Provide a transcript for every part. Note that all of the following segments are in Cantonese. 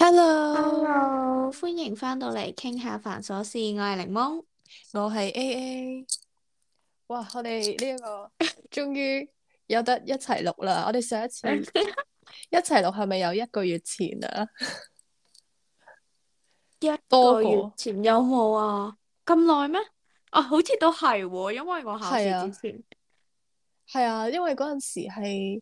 hello，, hello. 歡迎翻到嚟傾下煩瑣事。我係檸檬，我係 AA。哇，我哋呢、這個終於有得一齊錄啦！我哋上一次 一齊錄係咪有一個月前啊？ 一個月前有冇啊？咁耐咩？啊，好似都係喎，因為我考試之前。係啊，啊，因為嗰陣時係。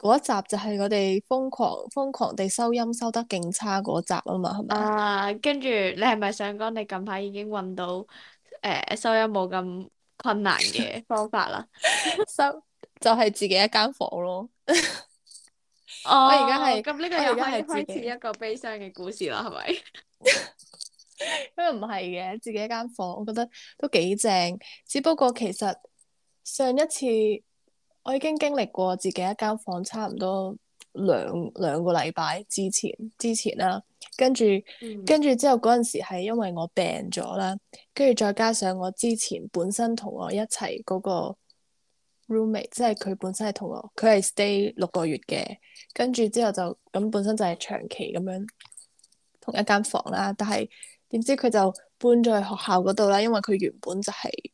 嗰一集就係我哋瘋狂瘋狂地收音收得勁差嗰集啊嘛，係咪？啊，跟住你係咪想講你近排已經揾到誒、呃、收音冇咁困難嘅方法啦？ 收就係、係、自己一間房咯。 oh, 我而家係咁呢個又可以開始一個悲傷嘅故事啦，係咪？咁又唔係嘅，自己一間房，我覺得都幾正。只不過其實上一次。我已經經歷過自己一間房差唔多兩兩個禮拜之前之前啦，跟住、嗯、跟住之後嗰陣時係因為我病咗啦，跟住再加上我之前本身同我一齊嗰個 roommate，即係佢本身係同我佢係 stay 六個月嘅，跟住之後就咁本身就係長期咁樣同一間房啦，但係點知佢就搬咗去學校嗰度啦，因為佢原本就係、是。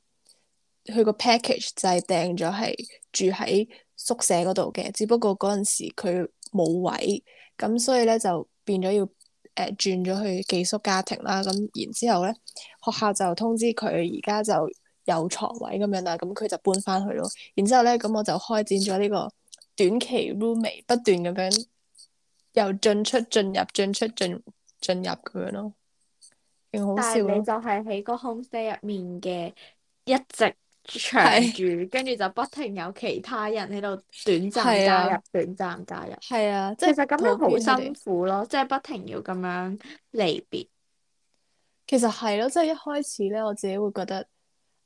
佢個 package 就係訂咗係住喺宿舍嗰度嘅，只不過嗰陣時佢冇位，咁所以咧就變咗要誒、呃、轉咗去寄宿家庭啦。咁然之後咧，學校就通知佢而家就有床位咁樣啦，咁佢就搬翻去咯。然之後咧，咁我就開展咗呢個短期 roommate，不斷咁樣又進出進入進入進入進入、進入、進出、進進入咁樣咯。好笑，你就係喺個 homestay 入面嘅一直，長住，跟住就不停有其他人喺度短暫加入，啊、短暫加入。係啊，即係其實咁樣好辛苦咯，即係不停要咁樣離別。其實係咯，即係一開始咧，我自己會覺得，誒、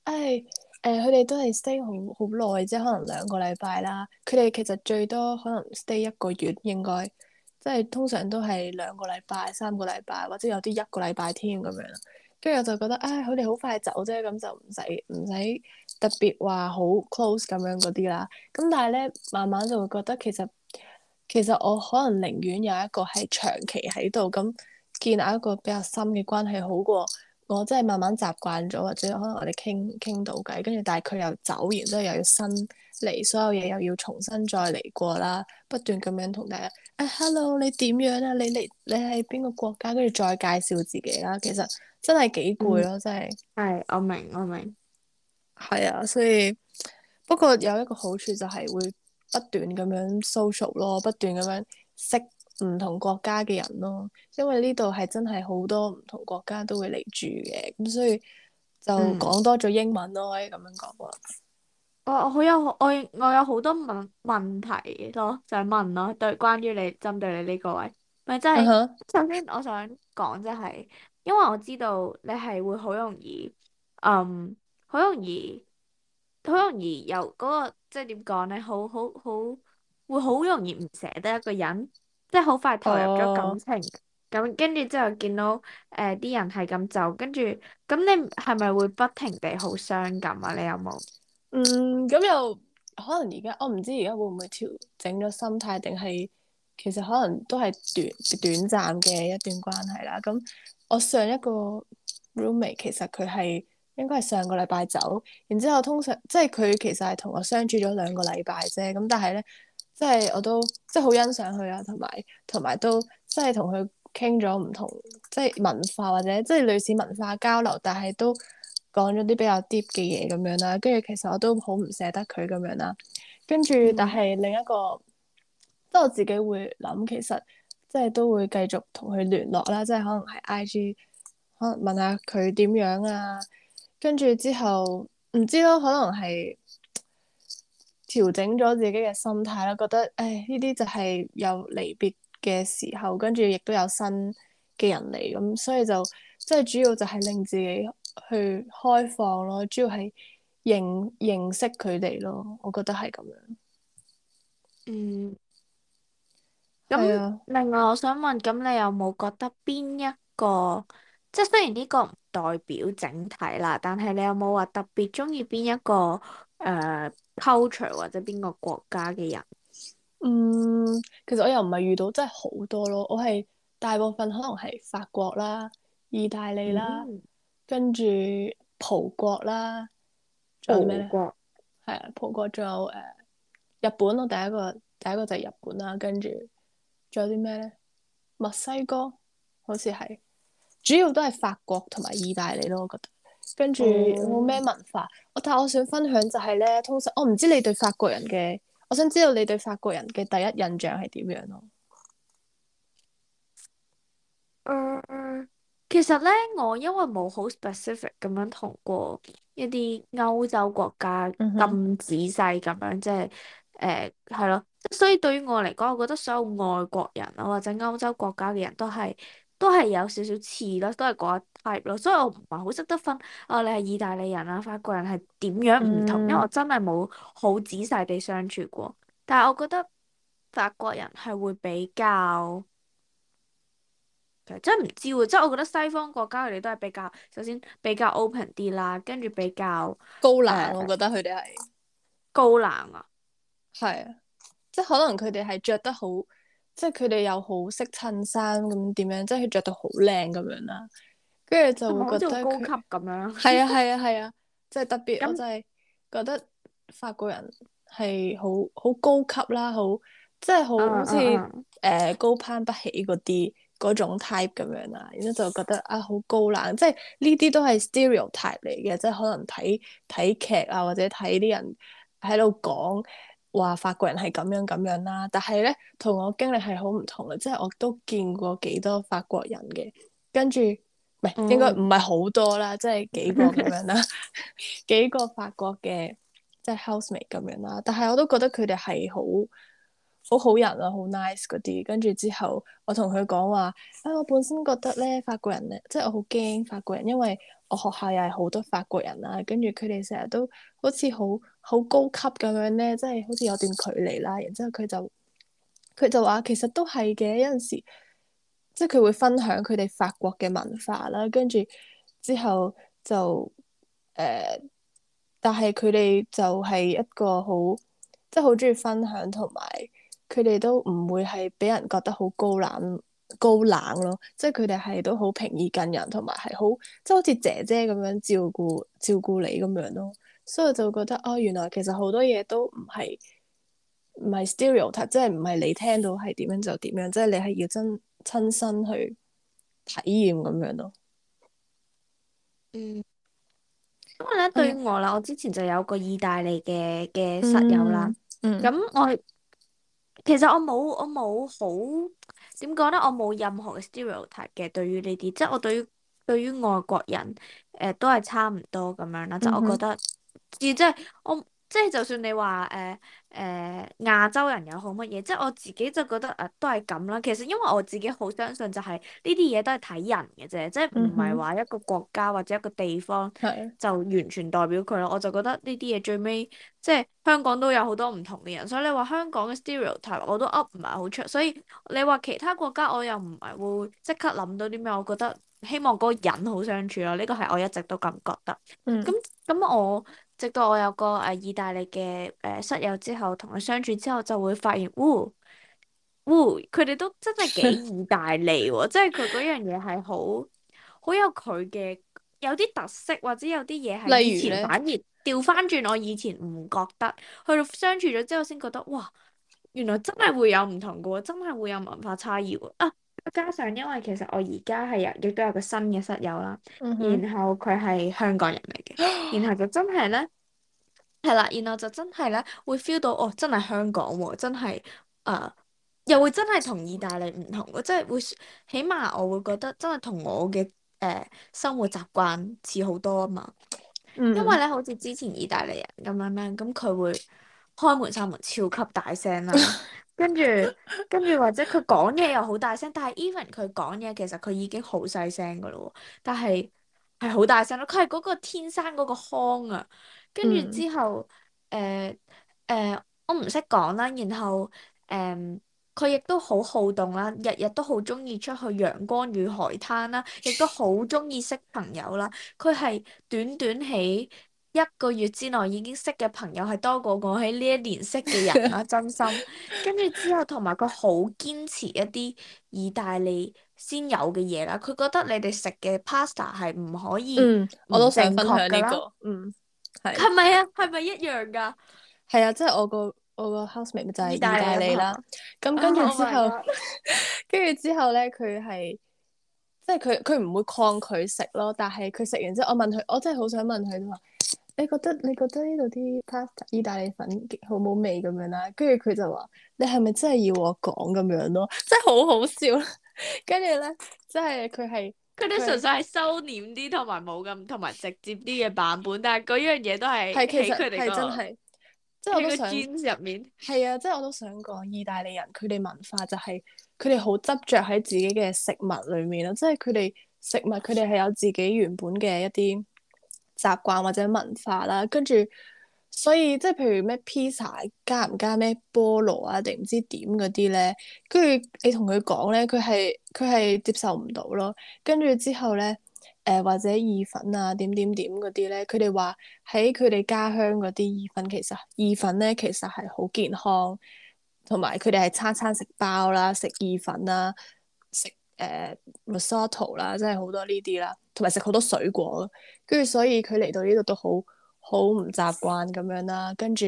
哎，誒、呃，佢哋都係 stay 好好耐，即係可能兩個禮拜啦。佢哋其實最多可能 stay 一個月，應該，即係通常都係兩個禮拜、三個禮拜，或者有啲一個禮拜添咁樣。跟住我就覺得，唉、哎，佢哋好快走啫，咁就唔使唔使。特別話好 close 咁樣嗰啲啦，咁但係咧，慢慢就會覺得其實其實我可能寧願有一個係長期喺度，咁建立一個比較深嘅關係，好過我真係慢慢習慣咗，或者可能我哋傾傾到偈，跟住但係佢又走完，然之後又要新嚟，所有嘢又要重新再嚟過啦，不斷咁樣同大家誒、啊、Hello，你點樣啊？你你你喺邊個國家？跟住再介紹自己啦。其實真係幾攰咯，嗯、真係。係，我明我明。係啊，所以不過有一個好處就係會不斷咁樣 social 咯，不斷咁樣識唔同國家嘅人咯。因為呢度係真係好多唔同國家都會嚟住嘅，咁所以就講多咗英文咯，嗯、可以咁樣講啊。我我好有我我有好多問問題咯，想問咯，對關於你針對你呢個位，咪真係首先我想講即係，因為我知道你係會好容易嗯。好容易，好容易又嗰、那個即係點講咧？好好好，會好容易唔捨得一個人，即係好快投入咗感情。咁跟住之後見到誒啲、呃、人係咁走，跟住咁你係咪會不停地好傷感啊？你有冇、嗯？嗯，咁又可能而家我唔知而家會唔會調整咗心態，定係其實可能都係短短暫嘅一段關係啦。咁我上一個 roommate 其實佢係。應該係上個禮拜走，然之後通常即係佢其實係同我相處咗兩個禮拜啫，咁但係咧，即係我都即係好欣賞佢啊，同埋同埋都即係同佢傾咗唔同即係文化或者即係類似文化交流，但係都講咗啲比較 deep 嘅嘢咁樣啦，跟住其實我都好唔捨得佢咁樣啦，跟住、嗯、但係另一個，即係我自己會諗，其實即係都會繼續同佢聯絡啦，即係可能係 IG，可能問下佢點樣啊。跟住之後，唔知咯，可能係調整咗自己嘅心態啦。覺得，唉，呢啲就係有離別嘅時候，跟住亦都有新嘅人嚟，咁所以就即係主要就係令自己去開放咯，主要係認認識佢哋咯。我覺得係咁樣。嗯。咁另外，我想問，咁、啊、你有冇覺得邊一個？即係雖然呢個唔代表整體啦，但係你有冇話特別中意邊一個誒 culture、呃、或者邊個國家嘅人？嗯，其實我又唔係遇到真係好多咯，我係大部分可能係法國啦、意大利啦，嗯、跟住葡國啦，仲有咩咧？係啊葡國，葡國仲有誒日本咯，第一個第一個就係日本啦，跟住仲有啲咩咧？墨西哥好似係。主要都係法國同埋意大利咯，我覺得。跟住有冇咩文化？我但係我想分享就係咧，通常我唔、哦、知你對法國人嘅，我想知道你對法國人嘅第一印象係點樣咯、嗯。其實咧，我因為冇好 specific 咁樣同過一啲歐洲國家咁仔細咁樣，嗯、哼即係誒係咯。所以對於我嚟講，我覺得所有外國人啊或者歐洲國家嘅人都係。都係有少少似咯，都係嗰一 type 咯，所以我唔係好識得分啊、哦、你係意大利人啊，法國人係點樣唔同？嗯、因為我真係冇好仔細地相處過。但係我覺得法國人係會比較，其實真唔知喎。即係我覺得西方國家佢哋都係比較，首先比較 open 啲啦，跟住比較高冷，我覺得佢哋係高冷啊。係啊，即係可能佢哋係着得好。即係佢哋又好識襯衫咁點樣，即係佢着到好靚咁樣啦，跟住就會覺得高級咁樣。係啊係啊係啊，即係特別我真係覺得法國人係好好高級啦，好即係好似誒高攀不起嗰啲嗰種 type 咁樣啦，然之後就覺得啊好高冷，即係呢啲都係 stereotype 嚟嘅，即係可能睇睇劇啊或者睇啲人喺度講。話法國人係咁樣咁樣啦，但係咧同我經歷係好唔同啦，即係我都見過幾多法國人嘅，跟住唔係應該唔係好多啦，即係幾個咁樣啦， 幾個法國嘅即係 housemate 咁樣啦，但係我都覺得佢哋係好好好人啊，好 nice 嗰啲，跟住之後我同佢講話，誒、哎、我本身覺得咧法國人咧，即係我好驚法國人，因為我學校又係好多法國人啦，跟住佢哋成日都好似好。好高級咁樣咧，即係好似有段距離啦。然之後佢就佢就話，其實都係嘅。有陣時即係佢會分享佢哋法國嘅文化啦。跟住之後就誒、呃，但係佢哋就係一個好即係好中意分享，同埋佢哋都唔會係俾人覺得好高冷高冷咯。即係佢哋係都好平易近人，同埋係好即係好似姐姐咁樣照顧照顧你咁樣咯。所以我就覺得哦，原來其實好多嘢都唔係唔係 stereotype，即係唔係你聽到係點樣就點樣，即係你係要真親身去體驗咁樣咯。嗯，咁、嗯、我咧對於我啦，我之前就有個意大利嘅嘅室友啦，咁、嗯嗯、我其實我冇我冇好點講咧，我冇任何嘅 stereotype 嘅對於呢啲，即、就、係、是、我對於對於外國人誒、呃、都係差唔多咁樣啦，就係我覺得、嗯。而即係我即係就算你話誒誒亞洲人又好乜嘢，即係我自己就覺得啊都係咁啦。其實因為我自己好相信就係呢啲嘢都係睇人嘅啫，即係唔係話一個國家或者一個地方就完全代表佢咯。的我就覺得呢啲嘢最尾，即係香港都有好多唔同嘅人，所以你話香港嘅 stereotype 我都 up 唔係好出，所以你話其他國家我又唔係會即刻諗到啲咩，我覺得。希望嗰個人好相處咯，呢個係我一直都咁覺得。咁咁、嗯、我直到我有個誒意大利嘅誒室友之後，同佢相處之後，就會發現，喎喎佢哋都真係幾意大利喎， 即係佢嗰樣嘢係好好有佢嘅有啲特色，或者有啲嘢係以前反而掉返轉，我以前唔覺得，去到相處咗之後先覺得哇，原來真係會有唔同嘅喎，真係會有文化差異喎啊！加上，因為其實我而家係有亦都有個新嘅室友啦，嗯、哼然後佢係香港人嚟嘅， 然後就真係咧，係啦，然後就真係咧，會 feel 到哦，真係香港喎，哦，真係誒、呃，又會真係同意大利唔同，即係會起碼我會覺得真係同我嘅誒、呃、生活習慣似好多啊嘛，嗯、因為咧好似之前意大利人咁樣樣，咁佢會開門閂門超級大聲啦，啊。 跟住，跟住或者佢講嘢又好大聲，但係 even 佢講嘢其實佢已經好細聲㗎喇喎，但係係好大聲咯。佢係嗰個天生嗰個腔啊。跟住之後，誒誒、嗯呃呃，我唔識講啦。然後誒，佢、呃、亦都好好動啦，日日都好鍾意出去陽光與海灘啦，亦都好鍾意識朋友啦。佢係短短起。一個月之內已經識嘅朋友係多過我喺呢一年識嘅人啦、啊， 真心。跟住之後同埋佢好堅持一啲意大利先有嘅嘢啦，佢覺得你哋食嘅 pasta 係唔可以唔正確㗎啦、嗯、我都想分享呢、呢個。嗯，係。係咪啊？係咪一樣㗎？係 啊，即、就、係、係、我個我個 housemate 就係意大利啦。咁跟住之後，跟住、oh、 之後咧，佢係即係佢佢唔會抗拒食咯，但係佢食完之後，我問佢，我真係好想問佢都話你覺得你覺得呢度啲 pasta 意大利粉好冇味咁樣啦，跟住佢就話：你係咪真係要我講咁樣咯？真係好好笑！跟住咧，即係佢係佢哋純粹係收斂啲，同埋冇咁同埋直接啲嘅版本，但係嗰樣嘢都係係其實佢哋係真係，即係我想入面係啊！即係我都想講意大利人，佢哋文化就係佢哋好執着喺自己嘅食物裡面啦，即係佢哋食物佢哋係有自己原本嘅一啲。習慣或者文化啦，跟住所以即係譬如咩披薩加唔加咩菠蘿啊，定唔知點嗰啲咧，跟住你同佢講咧，佢係佢係接受唔到咯。跟住之後咧，誒、呃、或者意粉啊點點點嗰啲咧，佢哋話喺佢哋家鄉嗰啲意粉其實意粉咧其實係好健康，同埋佢哋係餐餐食包啦，食意粉啦，食。誒麥莎圖啦，即係好多呢啲啦，同埋食好多水果，跟住所以佢嚟到呢度都好好唔習慣咁樣啦。跟住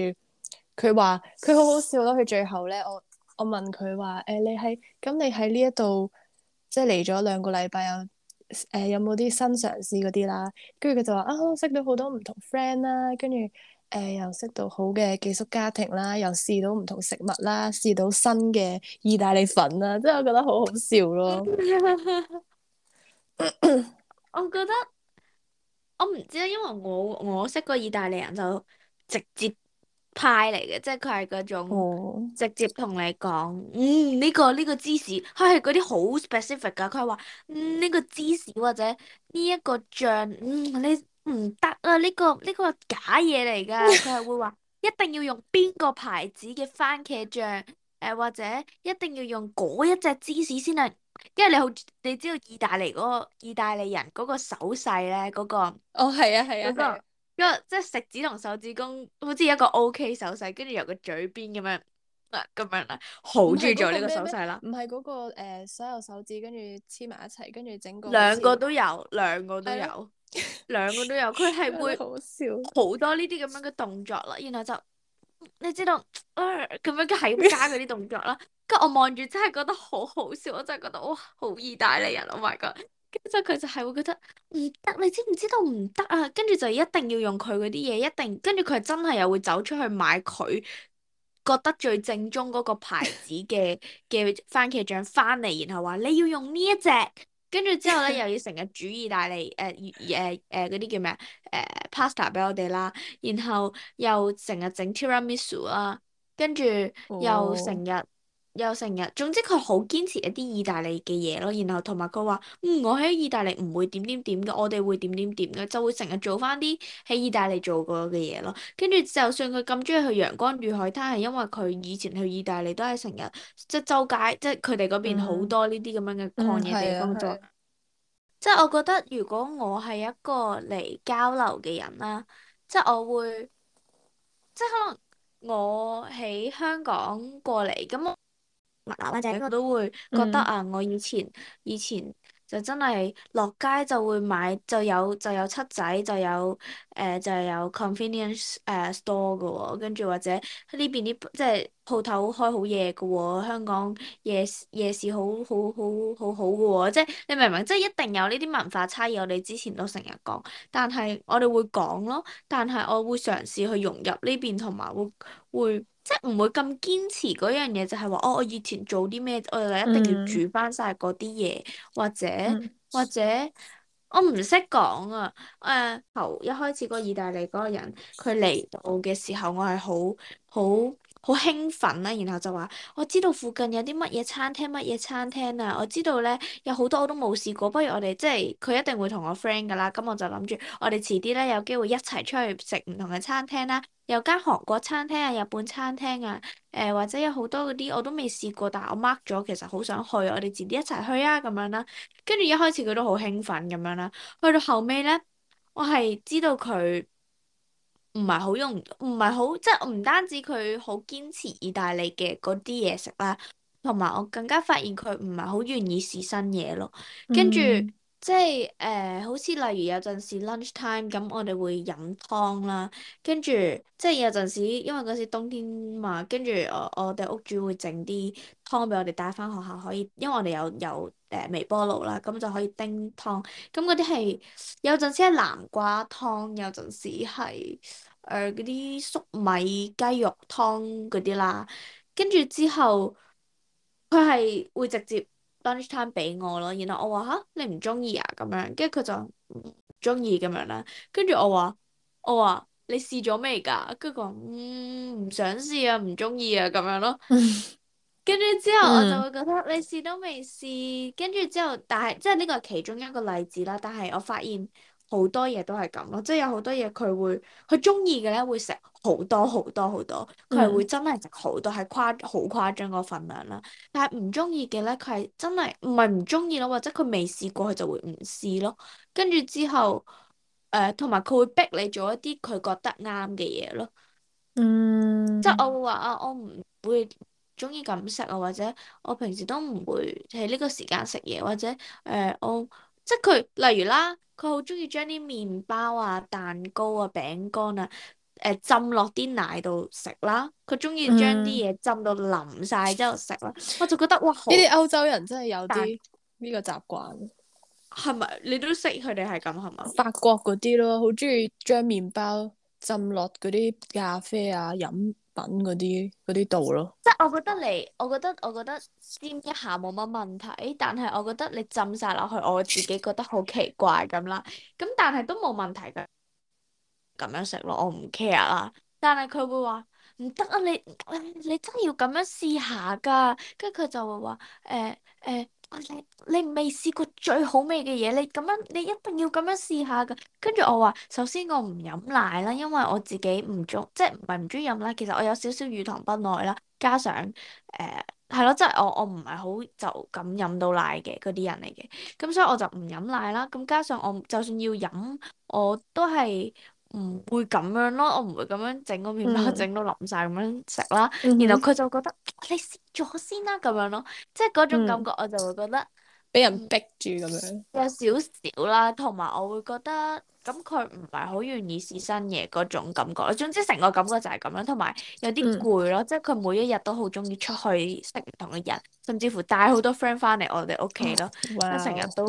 佢話佢好好笑咯。佢最後咧，我我問佢話誒你喺咁你喺呢一度即係嚟咗兩個禮拜、啊欸、有誒有冇啲新嘗試嗰啲啦？跟住佢就話啊識到好多唔同 friend 啦、啊，跟住。誒、呃、又識到好嘅寄宿家庭啦，又試到唔同食物啦，試到新嘅意大利粉啦，真係我覺得好好笑咯！ 我覺得我唔知啦，因為我我識過意大利人就直接派嚟嘅，即係佢係嗰種直接同你講，哦、嗯呢、呢個呢、呢個芝士，佢係嗰啲好 specific 㗎，佢係話呢個芝士或者呢一個醬，嗯你。唔得啊！呢、這個呢、這個係假嘢嚟噶，佢係 會話一定要用邊個牌子嘅番茄醬，誒、呃、或者一定要用嗰一隻芝士先得、啊，因為你好，你知道意大利、那個意大利人嗰個手勢咧嗰個哦係啊係啊嗰、啊那個、那個即係食指同手指公好似一個 O、OK、K 手勢，跟住由個嘴邊咁樣啊咁樣啦，好鍾意做呢個手勢啦。唔係嗰個誒、那個呃，所有手指跟住黐埋一齊，跟住整個兩個都有，兩個都有。兩個都有，佢係會好多呢啲咁樣嘅動作啦， 然後就你知道咁、呃、樣嘅喺加嗰啲動作啦，跟住我望住真係覺得好好笑，我真係覺得哇好意大利人，oh my god！跟住佢就係會覺得唔得、欸，你知唔知道唔得啊？跟住就一定要用佢嗰啲嘢，一定跟住佢真係又會走出去買佢覺得最正宗嗰個牌子嘅嘅 番茄醬翻嚟，然後話你要用呢一隻。跟住之後咧，又要成日煮意大利誒誒誒嗰啲叫咩啊？誒、呃、pasta 俾我哋啦，然後又成日整 tiramisu 啦、啊，跟住又成日。又成日，總之佢好堅持一啲意大利嘅嘢咯，然後同埋佢話，嗯，我喺意大利唔會點點點嘅，我哋會點點點嘅，就會成日做翻啲喺意大利做過嘅嘢咯。跟住就算佢咁中意去陽光與海灘，係因為佢以前去意大利都係成日即周街，即佢哋嗰邊好多呢啲咁樣嘅曠野地方做。嗯嗯啊啊啊、即我覺得，如果我係一個嚟交流嘅人啦，即我會，即可能我喺香港過嚟咁。物價我都會覺得、嗯、啊，我以前以前就真係落街就會買，就有就有七仔，就有誒、呃、就有 convenience 誒、呃、store 嘅喎、哦。跟住或者呢邊啲即係鋪頭開好夜嘅喎，香港夜夜市好好、好好好好好嘅喎。即係你明唔明？即係一定有呢啲文化差異，我哋之前都成日講，但係我哋會講咯，但係我會嘗試去融入呢邊同埋會會。會即係唔會咁堅持嗰樣嘢，就係、是、話哦，我以前做啲咩，我又一定要煮翻晒嗰啲嘢，嗯、或者、嗯、或者我唔識講啊。誒、呃、頭一開始個意大利嗰個人，佢嚟到嘅時候，我係好好好興奮啦，然後就話我知道附近有啲乜嘢餐廳，乜嘢餐廳啊，我知道咧有好多我都冇試過，不如我哋即係佢一定會同我 friend 噶啦，咁我就諗住我哋遲啲咧有機會一齊出去食唔同嘅餐廳啦。有間韓國餐廳啊、日本餐廳啊，誒、呃、或者有好多嗰啲我都未試過，但係我 mark 咗，其實好想去，我哋遲啲一齊去啊咁樣啦。跟住一開始佢都好興奮咁樣啦，去到後尾咧，我係知道佢唔係好用，唔係好，即係唔單止佢好堅持意大利嘅嗰啲嘢食啦，同埋我更加發現佢唔係好願意試新嘢咯，跟住。嗯即係誒、呃，好似例如有陣時 lunch time，咁我哋會飲湯啦，跟住即係有陣時，因為嗰時冬天嘛，跟住我我哋屋主會整啲湯俾我哋帶翻學校可以，因為我哋有有誒、呃、微波爐啦，咁就可以叮湯。咁嗰啲係有陣時係南瓜湯，有陣時係誒嗰啲粟米雞肉湯嗰啲啦，跟住之後，佢係會直接 lunch time 俾我咯，然後我話吓你唔中意啊咁樣，跟住佢就唔中意咁樣啦。跟住我話我話你試咗未㗎？佢講唔想試啊，唔中意啊咁樣咯。跟住 之後我就會覺得、嗯、你試都未試，跟住之後但係即係呢個係其中一個例子啦。但係我發現。好多嘢都係咁咯，即係有好多嘢佢會，佢中意嘅咧會食好多好多好多，佢係會真係食好多，係誇好誇張個份量啦。但係唔中意嘅咧，佢係真係唔係唔中意咯，或者佢未試過，佢就會唔試咯。跟住之後，誒同埋佢會逼你做一啲佢覺得啱嘅嘢咯。嗯。即係我會話啊，我唔會中意咁食啊，或者我平時都唔會喺呢個時間食嘢，或者誒、呃、我。即係佢例如啦，佢好中意將啲麵包啊、蛋糕啊、餅乾啊，誒、呃、浸落啲奶度食啦。佢中意將啲嘢浸到腍晒之後食啦。 我就覺得哇，呢啲歐洲人真係有啲呢個習慣。係咪你都識佢哋係咁係嘛？法國嗰啲咯，好中意將麵包浸落嗰啲咖啡啊飲。品嗰啲嗰啲度咯，即係我覺得你，我覺得我覺得沾一下冇乜問題，但係我覺得你浸晒落去，我自己覺得好奇怪咁啦，咁但係都冇問題噶，咁樣食咯，我唔 care 啦。但係佢會話唔得啊，你你真係要咁樣試下噶，跟住佢就會話誒誒。欸欸你未試過最好味嘅嘢，你咁樣你一定要咁樣試下㗎。跟住我話，首先我唔飲奶啦，因為我自己唔鍾即係唔係唔鍾意飲啦。其實我有少少乳糖不耐啦，加上誒係咯，即係我我唔係好就咁飲到奶嘅嗰啲人嚟嘅。咁所以我就唔飲奶啦。咁加上我就算要飲，我都係。唔會咁樣咯，我唔會咁樣整個麵包整到、嗯、淋晒咁樣食啦，嗯嗯，然後佢就覺得你食咗先啦咁、啊、樣咯，即係嗰種感覺我就會覺得俾、嗯嗯、人逼住咁樣。有少少啦，同埋我會覺得。咁佢唔係好願意試新嘢嗰種感覺咯，總之成個感覺就係咁樣，同埋有啲攰咯，嗯、即係佢每一日都好中意出去識唔同嘅人，甚至乎帶好多 friend 翻嚟我哋屋企咯，即成日都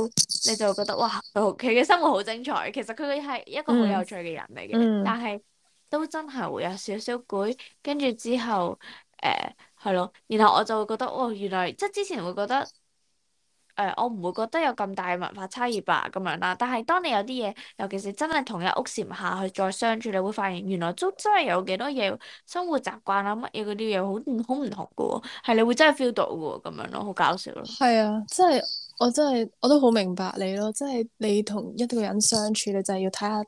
你就會覺得哇，佢屋企嘅生活好精彩，其實佢係一個好有趣嘅人嚟嘅，嗯、但係都真係會有少少攰，跟住之後誒係咯，然後我就會覺得哦，原來即係之前會覺得。誒、呃，我唔會覺得有咁大嘅文化差異吧，咁、啊、樣啦。但係當你有啲嘢，尤其是真係同一屋檐下去再相處，你會發現原來都真係有幾多嘢生活習慣啊，乜嘢嗰啲嘢好好唔同嘅喎，係你會真係 feel 到嘅喎，咁樣咯，好搞笑咯。係啊，真係。我真係我都好明白你咯，即係你同一個人相處，你就係要睇下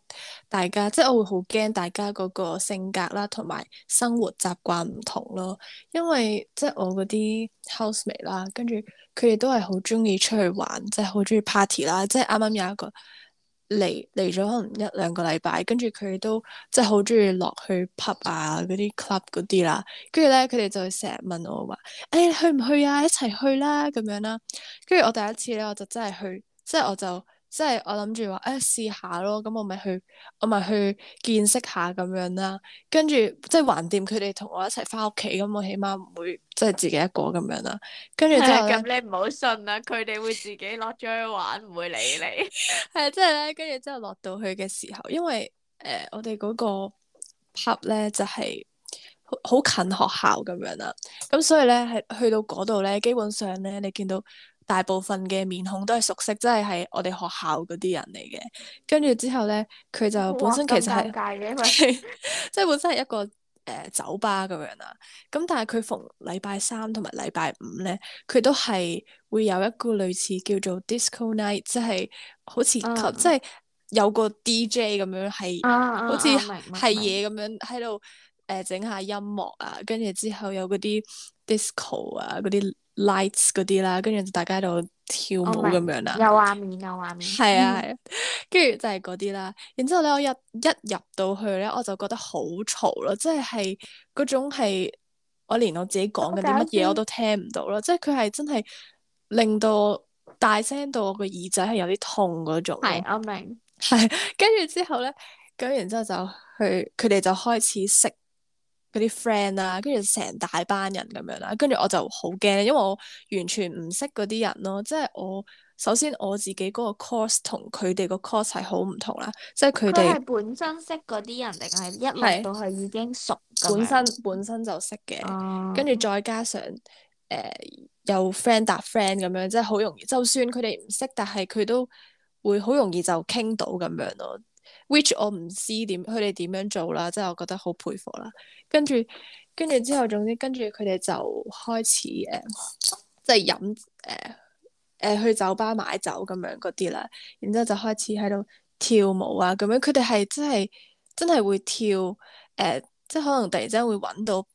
大家，即係我會好驚大家嗰個性格啦，同埋生活習慣唔同咯。因為即係我嗰啲 housemate 啦，跟住佢哋都係好中意出去玩，即係好中意 party 啦，即係啱啱有一個。嚟嚟咗可能一兩個禮拜，跟住佢哋都即係好鍾意落去 pub 啊，嗰啲 club 嗰啲啦，跟住咧佢哋就成日問我話，誒、哎、你去唔去啊？一齊去啦咁樣啦。跟住我第一次咧，我就真係去，即係我就。即係我諗住話誒試下咯，咁、哎、我咪去，我咪去見識下咁樣啦。跟住即係橫掂佢哋同我一齊翻屋企，咁我起碼唔會即係自己一個咁樣啦。跟住即係，咁、哎、你唔好信啦，佢哋 會自己落咗去玩，唔會理你。係啊， 即係咧，跟住之後落到去嘅時候，因為誒、呃、我哋嗰個 club 咧就係、是、好近學校咁樣啦。咁所以咧係去到嗰度咧，基本上咧你見到。大部分嘅面孔都係熟悉，即係係我哋學校嗰啲人嚟嘅。跟住之後咧，佢就本身其實係因為即係本身係一個誒、呃、酒吧咁樣啦。咁但係佢逢禮拜三同埋禮拜五咧，佢都係會有一個類似叫做 disco night，即係好似即係有個 DJ 咁樣係、uh, uh, uh, 好似係嘢咁樣喺度誒整下音樂啊。跟住之後有嗰啲 disco 啊嗰啲。lights 嗰啲啦，跟住就大家喺度跳舞咁樣啦，啊，有畫面有畫面，係啊係啊，跟住 就係嗰啲啦，然之後咧，我一一入到去咧，我就覺得好嘈咯，即係嗰種係我連我自己講緊啲乜嘢我都聽唔到咯， 即係佢係真係令到大聲到我個耳仔係有啲痛嗰種，係我明，係跟住之後咧，咁然之之後就去佢哋就開始識嗰啲 friend 啦，跟住成大班人咁樣啦，跟住我就好驚，因為我完全唔識嗰啲人咯，即係我首先我自己嗰個 course, course 同佢哋個 course 係好唔同啦，即係佢哋本身識嗰啲人定係一路都係已經熟，對本身本身就識嘅，跟住、嗯、再加上誒、呃、有 friend 搭 friend 咁樣，即係好容易，就算佢哋唔識，但係佢都會好容易就傾到咁樣咯。which 我唔知點佢哋點樣做啦，即係我覺得好佩服啦。跟住跟住之後，總之跟住佢哋就開始誒，即係飲誒誒去酒吧買酒咁樣嗰啲啦。然之後就開始喺度跳舞啊，咁樣佢哋係真係真係會跳誒，uh, 即係可能突然之間會揾到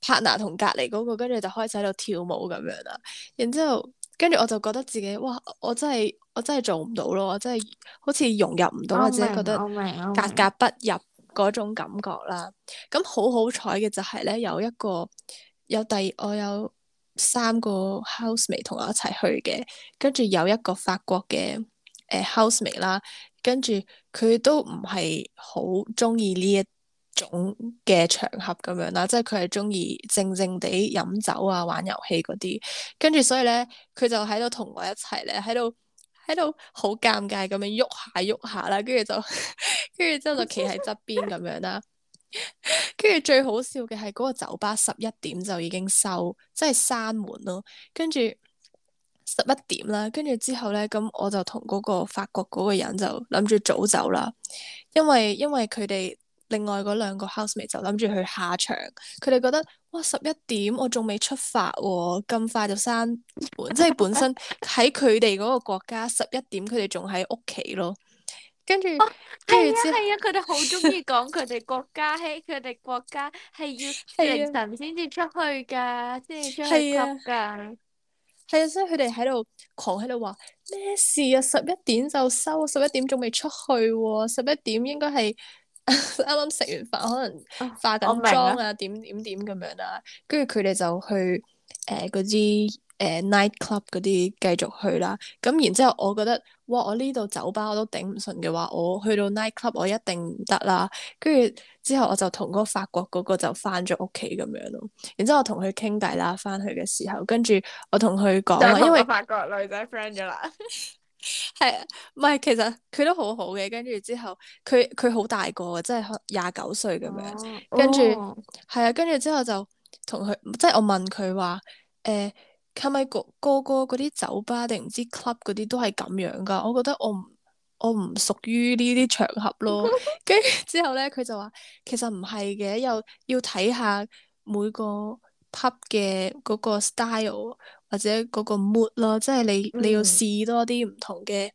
partner 同隔籬嗰個，跟住就開始喺度跳舞咁樣啦。然之後。跟住我就覺得自己，哇！我真係我真係做唔到咯，我真係好似融入唔到，我、oh、或者覺得格格不入嗰種感覺啦。咁好好彩嘅就係咧，有一個有第二我有三個 housemate 同我一齊去嘅，跟住有一個法國嘅誒 housemate 啦，跟住佢都唔係好中意呢一種嘅場合咁樣啦，即係佢係中意靜靜地飲酒啊、玩遊戲嗰啲，跟住所以咧，佢就喺度同我一齊咧，喺度喺度好尷尬咁樣 喐下喐下啦，跟住就跟住之後就企喺側邊咁樣啦，跟住最好笑嘅係嗰個酒吧十一點就已經收，即係閂門咯，跟住十一點啦，跟住之後咧，咁我就同嗰個法國嗰個人就諗住早走啦，因為因為佢哋。另外嗰兩個 housemate 就諗住去下場，佢哋覺得哇十一點我仲未出發喎、哦，咁快就閂門， 即係本身喺佢哋嗰個國家十一點佢哋仲喺屋企咯。跟住，係啊係啊，佢哋好中意講佢哋國家，喺佢哋國家係要凌晨先至出去㗎，先至、啊、出去 club 㗎。係啊,的啊，所以佢哋喺度狂喺度話咩事啊？十一點就收，十一點仲未出去喎、哦，十一點應該係。啱啱食完飯，可能化緊妝啊，啊點點點咁樣啦，跟住佢哋就去誒嗰啲誒 night club 嗰啲繼續去啦。咁然之後，我覺得哇，我呢度酒吧我都頂唔順嘅話，我去到 night club 我一定唔得啦。跟住之後，我就同嗰個法國嗰個就翻咗屋企咁樣咯。然之後我同佢傾偈啦，翻去嘅時候，跟住我同佢講，因為法國女仔 friend 咗啦。 係啊，唔係其實佢都好好嘅，跟住之後佢佢好大個，即係廿九歲咁樣，跟住係啊，跟住之後就同佢，即係我問佢話，誒、呃，係咪個個嗰啲酒吧定唔知 club 嗰啲都係咁樣噶？我覺得我我唔屬於呢啲場合咯，跟住 之後咧，佢就話其實唔係嘅，又要睇下每個。吸嘅嗰個 style 或者嗰個 mood 咯，即係你你要試多啲唔同嘅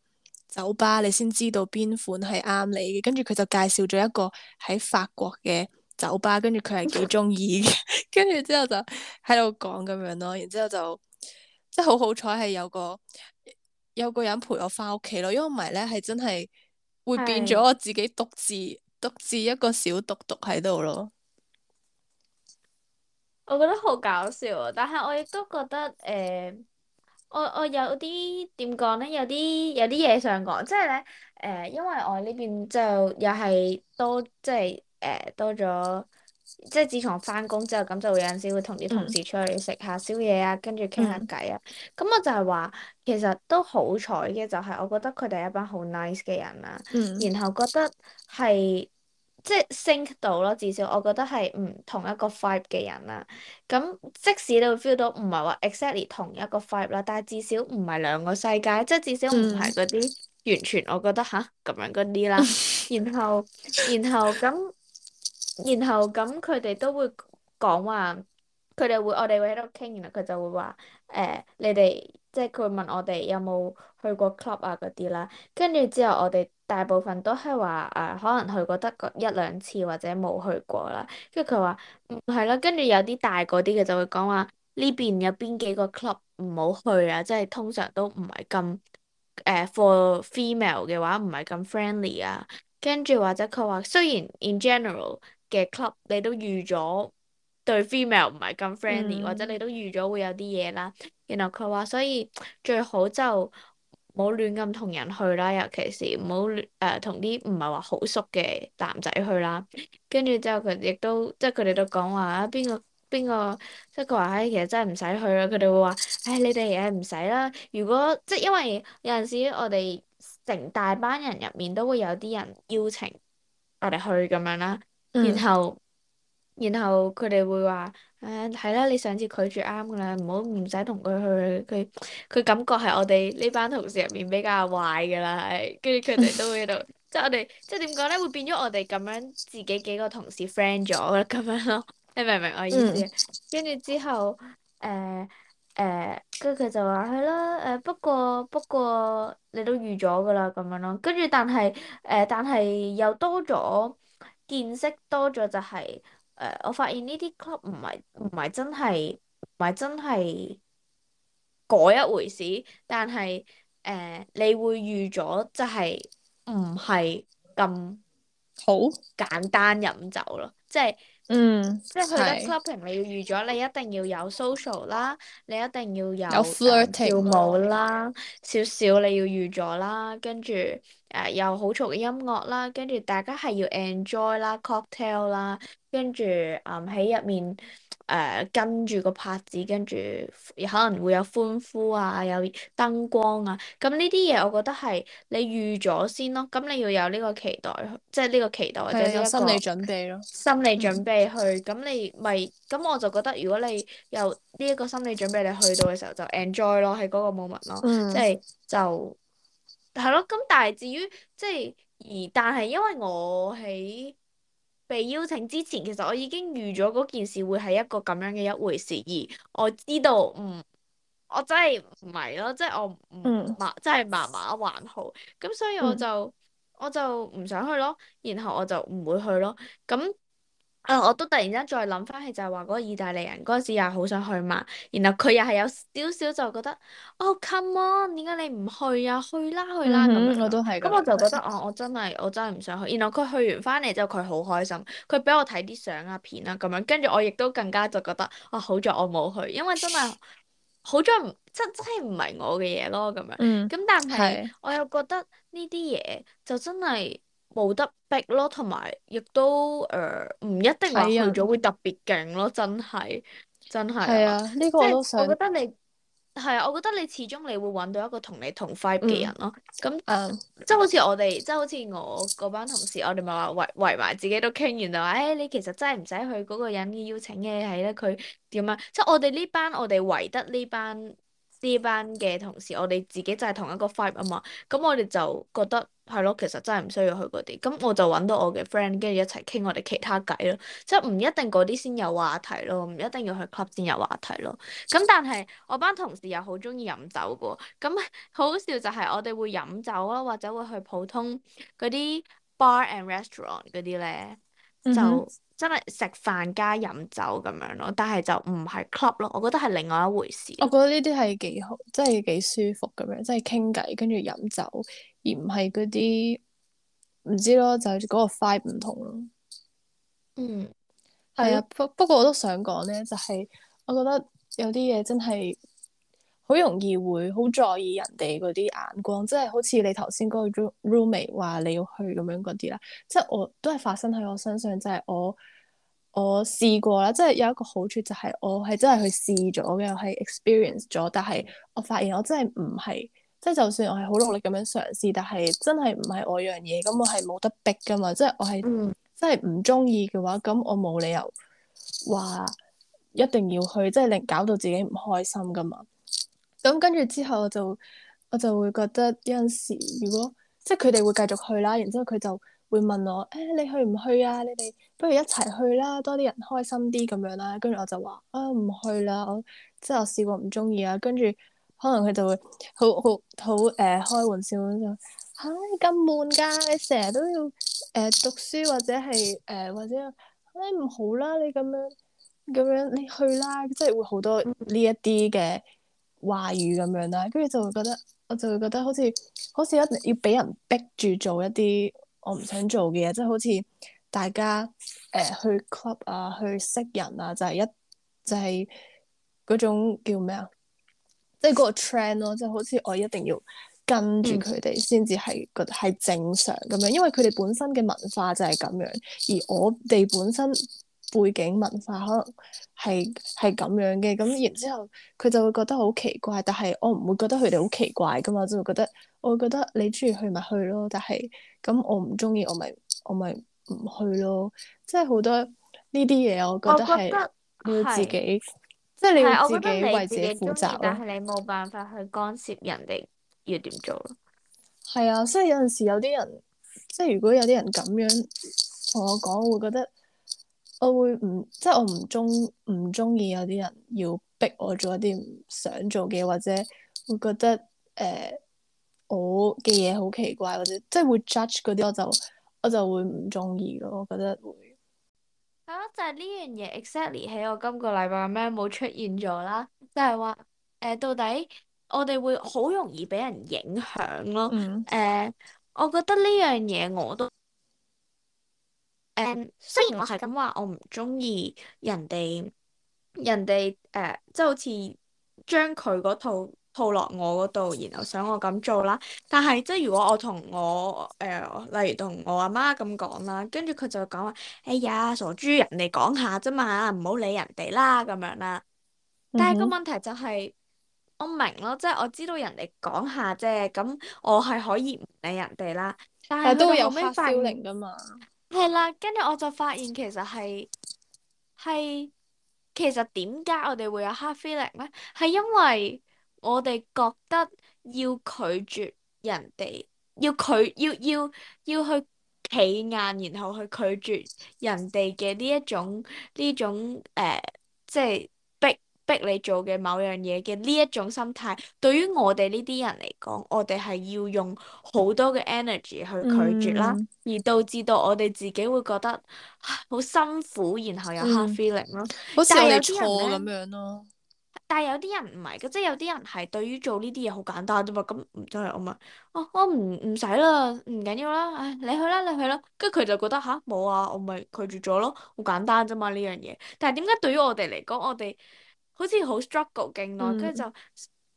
酒吧，嗯、你先知道邊款係啱你嘅。跟住佢就介紹咗一個喺法國嘅酒吧，跟住佢係幾中意嘅。跟住之後就喺度講咁樣咯，然之後就即係好好彩係有個有個人陪我返屋企咯，因為唔係咧係真係會變咗我自己獨自獨自一個小獨獨喺度咯。我覺得好搞笑啊！但係我亦都覺得誒、呃，我我有啲點講咧？有啲有啲嘢想講，即係咧誒，因為我呢邊就又係多，即係誒、呃、多咗，即係自從翻工之後，咁就會有陣時會同啲同事出去食下宵夜啊，跟住傾下偈啊。咁、嗯、我就係話，其實都好彩嘅，就係我覺得佢哋係一班好 nice 嘅人啦、啊。嗯、然後覺得係。即係 think 到咯，至少我覺得係唔同一個 vibe 嘅人啦。咁即使你會 feel 到唔係話 exactly 同一個 vibe 啦，但係至少唔係兩個世界，即係至少唔係嗰啲完全我覺得吓咁樣嗰啲啦。 然後，然後咁，然後咁佢哋都會講話，佢哋會我哋會喺度傾，然後佢就會話誒、呃、你哋。即係佢問我哋有冇去過 club 啊嗰啲啦，跟住之後我哋大部分都係話誒，可能去過得一兩次或者冇去過啦。跟住佢話，嗯，係啦。跟住有啲大個啲嘅就會講話呢邊有邊幾個 club 唔好去啊，即係通常都唔係咁誒 for female 嘅話唔係咁 friendly 啊。跟住或者佢話，雖然 in general 嘅 club 你都預咗。對 female 唔係咁 friendly，嗯、或者你都預咗會有啲嘢啦。然後佢話，所以最好就唔好亂咁同人去啦，尤其是唔好誒同啲唔係話好熟嘅男仔去啦。跟住之後佢亦都即係佢哋都講話啊，邊個邊個即係佢話唉，其實真係唔使去啦。佢哋會話唉、哎，你哋誒唔使啦。如果即係因為有陣時我哋成大班人入面都會有啲人邀請我哋去咁樣啦，嗯、然後。然後佢哋會話，誒係啦，你上次拒絕啱嘅啦，唔好唔使同佢去。佢佢感覺係我哋呢班同事入面比較壞嘅啦。係，跟住佢哋都會喺度， 即係我哋即係點講咧，會變咗我哋咁樣自己幾個同事 friend 咗咁樣咯。你明唔明我意思？跟住、嗯、之後誒誒，跟住佢就話係啦，誒、嗯、不過不過你都預咗嘅啦，咁樣咯。跟住但係誒、呃，但係又多咗見識多、就係，多咗就係。誒，uh, 我發現呢啲 club 唔係唔係真係唔係真係嗰一回事，但係誒，uh, 你會預咗即係唔係咁好簡單飲酒咯，即係嗯，即係去啲 club 你要預咗，你一定要有 social 啦，你一定要有有 flirting、呃、跳舞啦，少少你要預咗啦，跟住。誒、呃、有好嘈嘅音樂啦，跟住大家係要 enjoy 啦，cocktail 啦，嗯呃、跟住誒喺入面誒跟住個拍子，跟住可能會有歡呼啊，有燈光啊，咁呢啲嘢我覺得係你預咗先咯，咁你要有呢個期待，即係呢個期待或者對心理準備咯，心理準備去，咁、嗯、你咪咁我就覺得如果你有呢一個心理準備，你去到嘅時候就 enjoy 咯，喺嗰個 moment 咯，嗯、即係就。係咯，咁但係至於即係而，但係因為我喺被邀請之前，其實我已經預咗嗰件事會係一個咁樣嘅一回事，而我知道唔、嗯，我真係唔係咯，即係我唔麻，嗯、真係麻麻還好，咁所以我就、嗯、我就唔想去咯，然後我就唔會去咯，咁。啊！Uh, 我都突然間再諗翻起，就係話嗰個意大利人嗰陣時又係好想去嘛，然後佢又係有少少就覺得，哦、oh, come on，點解你唔去啊？去啦去啦咁樣，咁、嗯、我，我就覺得哦、oh，我真係我真係唔想去。然後佢去完翻嚟之後，佢好開心，佢俾我睇啲相啊片啊咁樣，跟住我亦都更加就覺得，啊、oh, 好在我冇去，因為真係 好在唔，真真係唔係我嘅嘢咯咁樣。咁但係我又覺得呢啲嘢就真係。冇得逼咯，同埋亦都誒唔一定話去咗會特別勁咯，是啊、真係真係。係啊，呢個我都想，我覺得你係啊，我覺得你始終你會揾到一個同你同 five 嘅、嗯、人咯。咁、嗯、誒、嗯，即係好似我哋，即係好似我嗰班同事，我哋咪話圍圍埋自己都傾完就話，誒、哎、你其實真係唔使去嗰個人邀請嘅，係、哎、啦，佢點樣？即係我哋呢班，我哋圍得呢班呢班嘅同事，我哋自己就係同一個 five 啊嘛。咁我哋就覺得。係咯，其實真係唔需要去嗰啲，咁我就揾到我嘅 friend，跟住一齊傾我哋其他偈咯，即係唔一定嗰啲先有話題咯，唔一定要去 club 先有話題咯。咁但係我班同事又好中意飲酒嘅喎，咁好笑就係我哋會飲酒咯，或者會去普通嗰啲 bar and restaurant 嗰啲咧，嗯、哼就真係食飯加飲酒咁樣咯，但係就唔係 club 咯，我覺得係另外一回事。我覺得呢啲係幾好，真係幾舒服咁樣，即係傾偈跟住飲酒，而唔係嗰啲唔知咯，就嗰個 vibe 唔同咯。嗯，係啊，嗯、不不過我都想講咧，就係、是、我覺得有啲嘢真係好容易會好在意人哋嗰啲眼光，即、就、係、是、好似你頭先嗰個 roommate 話你要去咁樣嗰啲啦。即、就、係、是、我都係發生喺我身上，就係、是、我我試過啦。即、就、係、是、有一個好處就係我係真係去試咗嘅，係 experience 咗，但係我發現我真係唔係。即係就算我係好努力咁樣嘗試，但係真係唔係我樣嘢，咁我係冇得逼噶嘛。即係我係，真係唔中意嘅話，咁我冇理由話一定要去，即係令搞到自己唔開心噶嘛。咁跟住之後，我就我就會覺得有陣時，如果即係佢哋會繼續去啦，然之後佢就會問我，誒、哎、你去唔去啊？你哋不如一齊去啦，多啲人開心啲咁樣啦。跟住我就話，啊唔去啦，我即係我試過唔中意啊。跟住。可能佢就會好好好誒、呃、開玩笑咁樣，吓咁悶㗎！你成日都要誒、呃、讀書，或者係誒、呃、或者你唔、哎、好啦，你咁樣咁樣你去啦，即係會好多呢一啲嘅話語咁樣啦。跟住就會覺得，我就會覺得好似好似一定要俾人逼住做一啲我唔想做嘅嘢，即係好似大家誒、呃、去 club 啊，去識人啊，就係、是、一就係、是、嗰種叫咩啊？即係嗰個 trend 咯，即係好似我一定要跟住佢哋先至係覺得係正常咁樣，因為佢哋本身嘅文化就係咁樣，而我哋本身背景文化可能係係咁樣嘅，咁然之後佢就會覺得好奇怪，但係我唔會覺得佢哋好奇怪噶嘛，就會覺得我覺得你中意去咪去，去咯，但係咁我唔中意我咪我咪唔去咯，即係好多呢啲嘢我覺得係要自己。即係、 就是、你要自己為自己負責，但係你冇辦法去干涉人哋要點做咯。係 啊，所以有陣時有啲人，即、就、係、是、如果有啲人咁樣同我講，我會覺得我會唔即係我唔中唔中意有啲人要逼我做一啲唔想做嘅，或者會覺得誒、呃、我嘅嘢好奇怪，或者即係、就是、會 judge 嗰啲，我就我就會唔中意咯，我覺得。係咯，oh, 就係呢樣嘢，exactly 喺我今個禮拜咩冇出現咗啦。就係、是、話，誒、呃，到底我哋會好容易俾人影響咯。誒、mm. 呃，我覺得呢樣嘢我都，誒、呃，雖然我係咁話，我唔中意人哋人哋誒，即、呃、係好似將佢嗰套。套落我嗰度，然後想我咁做啦。但係即係如果我同我誒、呃，例如同我阿媽咁講啦，跟住佢就講話：哎呀，傻豬，人哋講下啫嘛，唔好理人哋啦咁樣啦。嗯、哼但係個問題就係、是，我明咯，即、就、係、是、我知道人哋講下啫，咁我係可以唔理人哋啦。但係都有咩 feeling 㗎嘛？係啦，跟住我就發現其實係係其實點解我哋會有 heart feeling 咧？係因為我哋覺得要拒絕人哋，要拒要要要去企硬，然後去拒絕人哋嘅呢一種呢種誒、呃，即係逼逼你做嘅某樣嘢嘅呢一種心態，對於我哋呢啲人嚟講，我哋係要用好多嘅 energy 去拒絕啦，嗯、而導致到我哋自己會覺得好辛苦，然後有 hard feeling 咯、嗯，好但，即係錯咁樣咯。但係有啲人唔係嘅，即係有啲人係對於做呢啲嘢好簡單啫嘛。咁唔真係我咪、啊，我我唔唔使啦，唔緊要啦，唉，你去啦，你去啦。跟住佢就覺得吓，冇啊，我咪拒絕咗咯，好簡單啫嘛呢樣嘢。但係點解對於我哋嚟講，我哋好似好 struggle 勁耐，跟住、嗯、就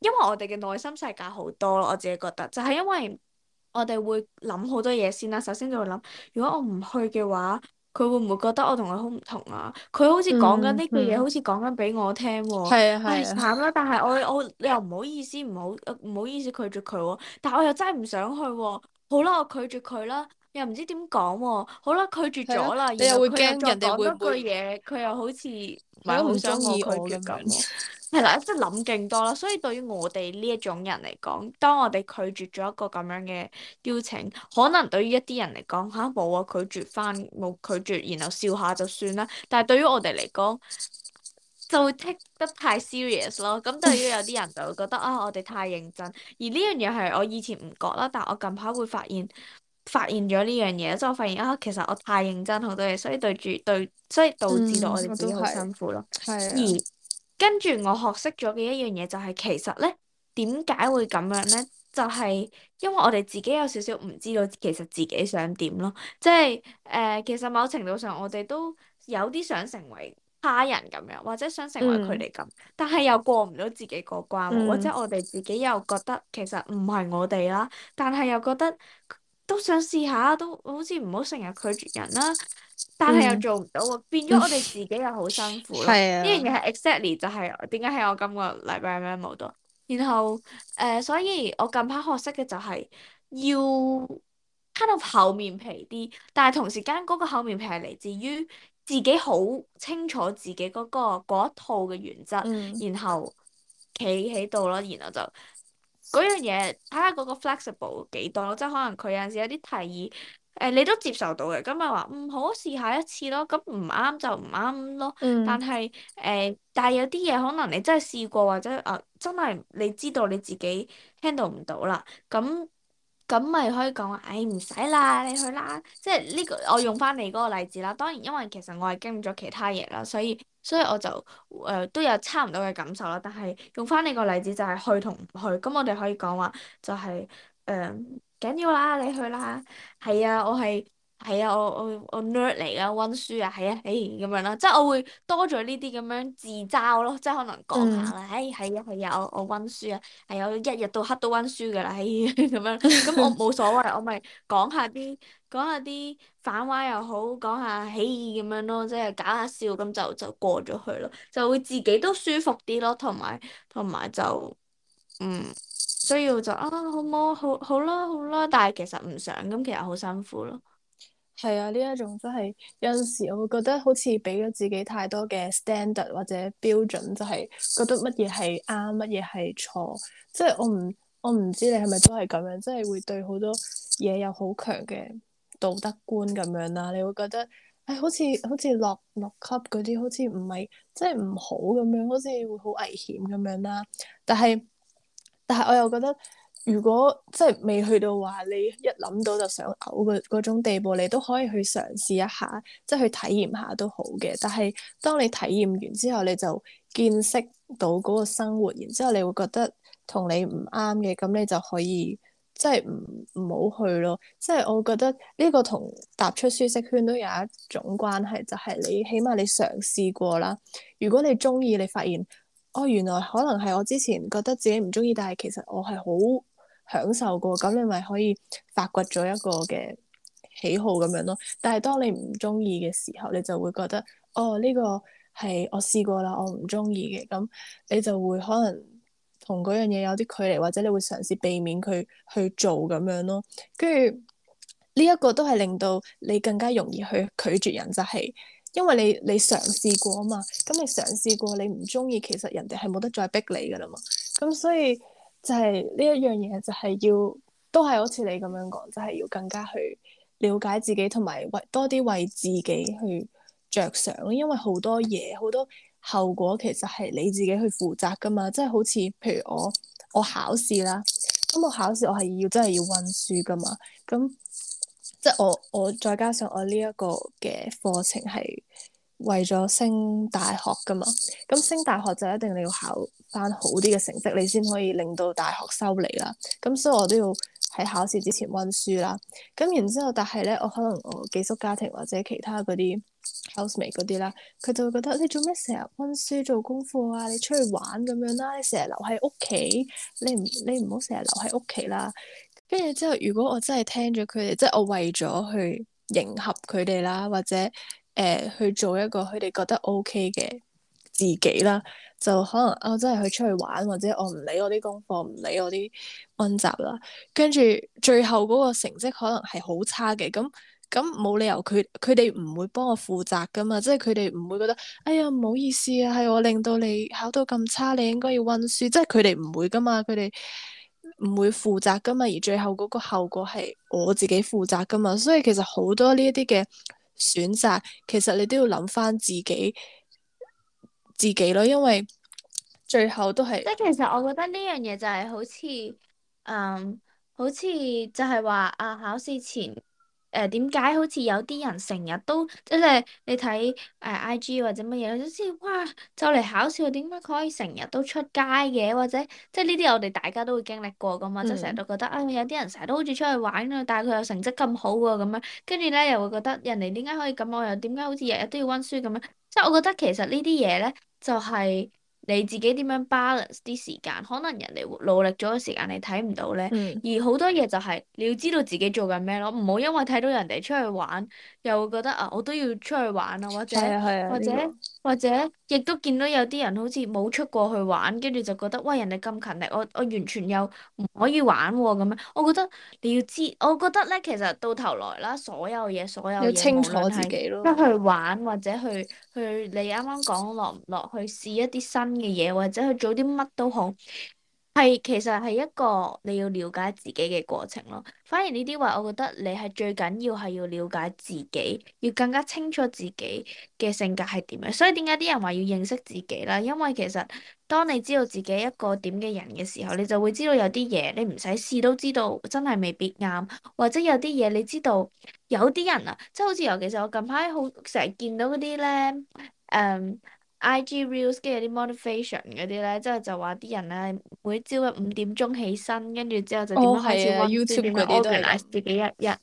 因為我哋嘅內心世界好多，我自己覺得就係、是、因為我哋會諗好多嘢先啦。首先就會諗，如果我唔去嘅話。佢會唔會覺得我同佢好唔同啊？佢好似講緊呢句嘢，好似講緊俾我聽喎。係啊係啊。慘啦、嗯嗯哎，但係我我你又唔好意思，唔好唔好意思拒絕佢喎、啊。但係我又真係唔想去喎、啊。好啦，我拒絕佢啦。又唔知點講喎。好啦，拒絕咗啦。你又會驚人哋會，講句嘢，佢又好似都唔中意我咁。 係啦，即係諗勁多啦，所以對於我哋呢一種人嚟講，當我哋拒絕咗一個咁樣嘅邀請，可能對於一啲人嚟講吓冇啊，啊拒絕翻，冇拒絕，然後笑下就算啦。但係對於我哋嚟講，就會 take 得太 serious 咯。咁對於有啲人就會覺得啊，我哋太認真。而呢樣嘢係我以前唔覺啦，但我近排會發現，發現咗呢樣嘢，即係我發現啊，其實我太認真好多嘢，所以對住對，所以導致到我哋自己好辛苦咯，嗯，而。跟住我學識咗嘅一樣嘢就係其實咧，點解會咁樣咧？就係、是、因為我哋自己有少少唔知道其實自己想點咯，即係誒、呃、其實某程度上我哋都有啲想成為他人咁樣，或者想成為佢哋咁，嗯、但係又過唔到自己嗰關，嗯、或者我哋自己又覺得其實唔係我哋啦，但係又覺得。都想試下，都好似唔好成日拒絕人啦、啊，但係又做唔到喎，嗯、變咗我哋自己又好辛苦咯。呢樣嘢係 exactly 就係點解係我今個禮拜咩冇到？然後誒、呃，所以我近排學識嘅就係、是、要 kind of 厚面皮啲，但係同時間嗰個厚面皮係嚟自於自己好清楚自己嗰、嗰個嗰套嘅原則，嗯、然後企喺度啦，然後就～嗰樣嘢睇下嗰個 flexible 幾多咯，即係可能佢有陣時有啲提議，誒、呃、你都接受到嘅，咁咪話唔好，試下一次咯，咁唔啱就唔啱咯。嗯、但係誒、呃，但係有啲嘢可能你真係試過或者啊，真係你知道你自己 handle 唔到啦，咁咁咪可以講話，唉唔使啦，你去啦。即係呢、呢個我用翻你嗰個例子啦。當然因為其實我係經歷咗其他嘢啦，所以。所以我就誒、呃、都有差唔多嘅感受啦，但係用翻呢個例子就係去同唔去，咁、嗯、我哋可以講話就係誒緊要啦，你去啦，係啊，我係。係啊，我我我 nerd 嚟啦，溫書啊，係啊，哎咁樣咯，即係我會多咗呢啲咁樣自嘲咯，即係可能講下啦，哎係啊係啊，我我溫書啊，係啊，我一日到黑都溫書㗎啦，哎咁樣，咁我冇所謂，我咪講下啲講下啲反話又好，講下嘿咁樣咯，即係搞下笑咁就就過咗去咯，就會自己都舒服啲咯，同埋同埋就嗯需要就啊好冇好好，好啦好啦，但係其實唔想咁，其實好辛苦咯。係啊，呢一種真係有陣時我會覺得好似俾咗自己太多嘅 standard 或者標準，就係、是、覺得乜嘢係啱，乜嘢係錯，即係我唔我唔知你係咪都係咁樣，即係會對好多嘢有好強嘅道德觀咁樣啦。你會覺得誒、哎，好似好似落六級嗰啲，好似唔係即係唔好咁樣，好似會好危險咁樣啦。但係但係我又覺得。如果即係未去到話，你一諗到就想嘔嘅嗰種地步，你都可以去嘗試一下，即係去體驗下都好嘅。但係當你體驗完之後，你就見識到嗰個生活，然之後你會覺得同你唔啱嘅，咁你就可以即係唔唔好去咯。即係我覺得呢個同踏出舒適圈都有一種關係，就係你起碼你嘗試過啦。如果你中意，你發現哦，原來可能係我之前覺得自己唔中意，但係其實我係好。享受過，咁你咪可以發掘咗一個嘅喜好咁樣咯。但係當你唔中意嘅時候，你就會覺得，哦，呢個係我試過啦，我唔中意嘅，咁你就會可能同嗰樣嘢有啲距離，或者你會嘗試避免佢去，去做咁樣咯。跟住呢一個都係令到你更加容易去拒絕人，就係因為你你嘗試過啊嘛，咁你嘗試過你唔中意，其實人哋係冇得再逼你噶啦嘛，咁所以。就係呢一樣嘢，就係要都係好似你咁樣講，就係要更加去了解自己，同埋為多啲為自己去着想。因為好多嘢，好多後果其實係你自己去負責噶嘛。即係好似譬如我我考試啦，咁我考試我係要真係要温書噶嘛。咁即係我我再加上我呢一個嘅課程係。為咗升大學噶嘛，咁升大學就一定你要考返好啲嘅成績，你先可以令到大學收你啦。咁所以我都要喺考試之前溫書啦。咁然之後，但係咧，我可能我寄宿家庭或者其他嗰啲 housemate 嗰啲啦，佢就會覺得你做咩成日溫書做功課啊？你出去玩咁樣、啊、啦，你成日留喺屋企，你唔你唔好成日留喺屋企啦。跟住之後，如果我真係聽咗佢哋，即係我為咗去迎合佢哋啦，或者。誒、呃，去做一個佢哋覺得 OK 嘅自己啦，就可能我、哦、真係去出去玩，或者我唔理我啲功課，唔理我啲溫習啦，跟住最後嗰個成績可能係好差嘅。咁咁冇理由佢佢哋唔會幫我負責噶嘛，即係佢哋唔會覺得，哎呀唔好意思啊，係我令到你考到咁差，你應該要溫書，即係佢哋唔會噶嘛，佢哋唔會負責噶嘛，而最後嗰個後果係我自己負責噶嘛，所以其實好多呢一啲嘅。選擇其實你都要諗翻自己自己咯，因為最後都係即係其實我覺得呢樣嘢就係好似嗯好似就係話啊考試前。誒點解好似有啲人成日都即係你睇誒、呃、I G 或者乜嘢，總之哇就嚟考試啊！點解佢可以成日都出街嘅？或者即係呢啲我哋大家都會經歷過噶嘛？嗯、就成日都覺得啊、哎，有啲人成日都好似出去玩啊，但係佢又成績咁好喎咁樣。跟住咧又會覺得人哋點解可以咁？我又點解好似日日都要温書咁樣？即係我覺得其實呢啲嘢咧就係、是。你自己點樣 balance 啲時間？可能人哋努力咗嘅時間你睇唔到咧，嗯、而好多嘢就係你要知道自己做緊咩咯。唔好因為睇到人哋出去玩，又會覺得啊，我都要出去玩啊，或者係啊或者。這個或者亦都見到有啲人好似冇出過去玩，跟住就覺得，喂，人哋咁勤力，我我完全又唔可以玩喎，哦、咁樣。我覺得你要知，我覺得咧，其實到頭來啦，所有嘢，所有嘢咧，都係要清楚自己囉，一去玩，或者去去你啱啱講落唔落去試一啲新嘅嘢，或者去做啲乜都好。係，其實係一個你要了解自己嘅過程咯。反而呢啲話，我覺得你係最緊要係要了解自己，要更加清楚自己嘅性格係點樣。所以點解啲人話要認識自己啦？因為其實當你知道自己一個點嘅人嘅時候，你就會知道有啲嘢你唔使試都知道真係未必啱，或者有啲嘢你知道有啲人啊，即係好似尤其是我近排好成日見到嗰啲咧，誒、嗯。IG reels 跟住啲 motivation 嗰啲咧，即係就話、是、啲人咧，每一朝嘅五點鐘起身，跟住之後就點、oh，開始 YouTube 嗰啲都係自己一日，是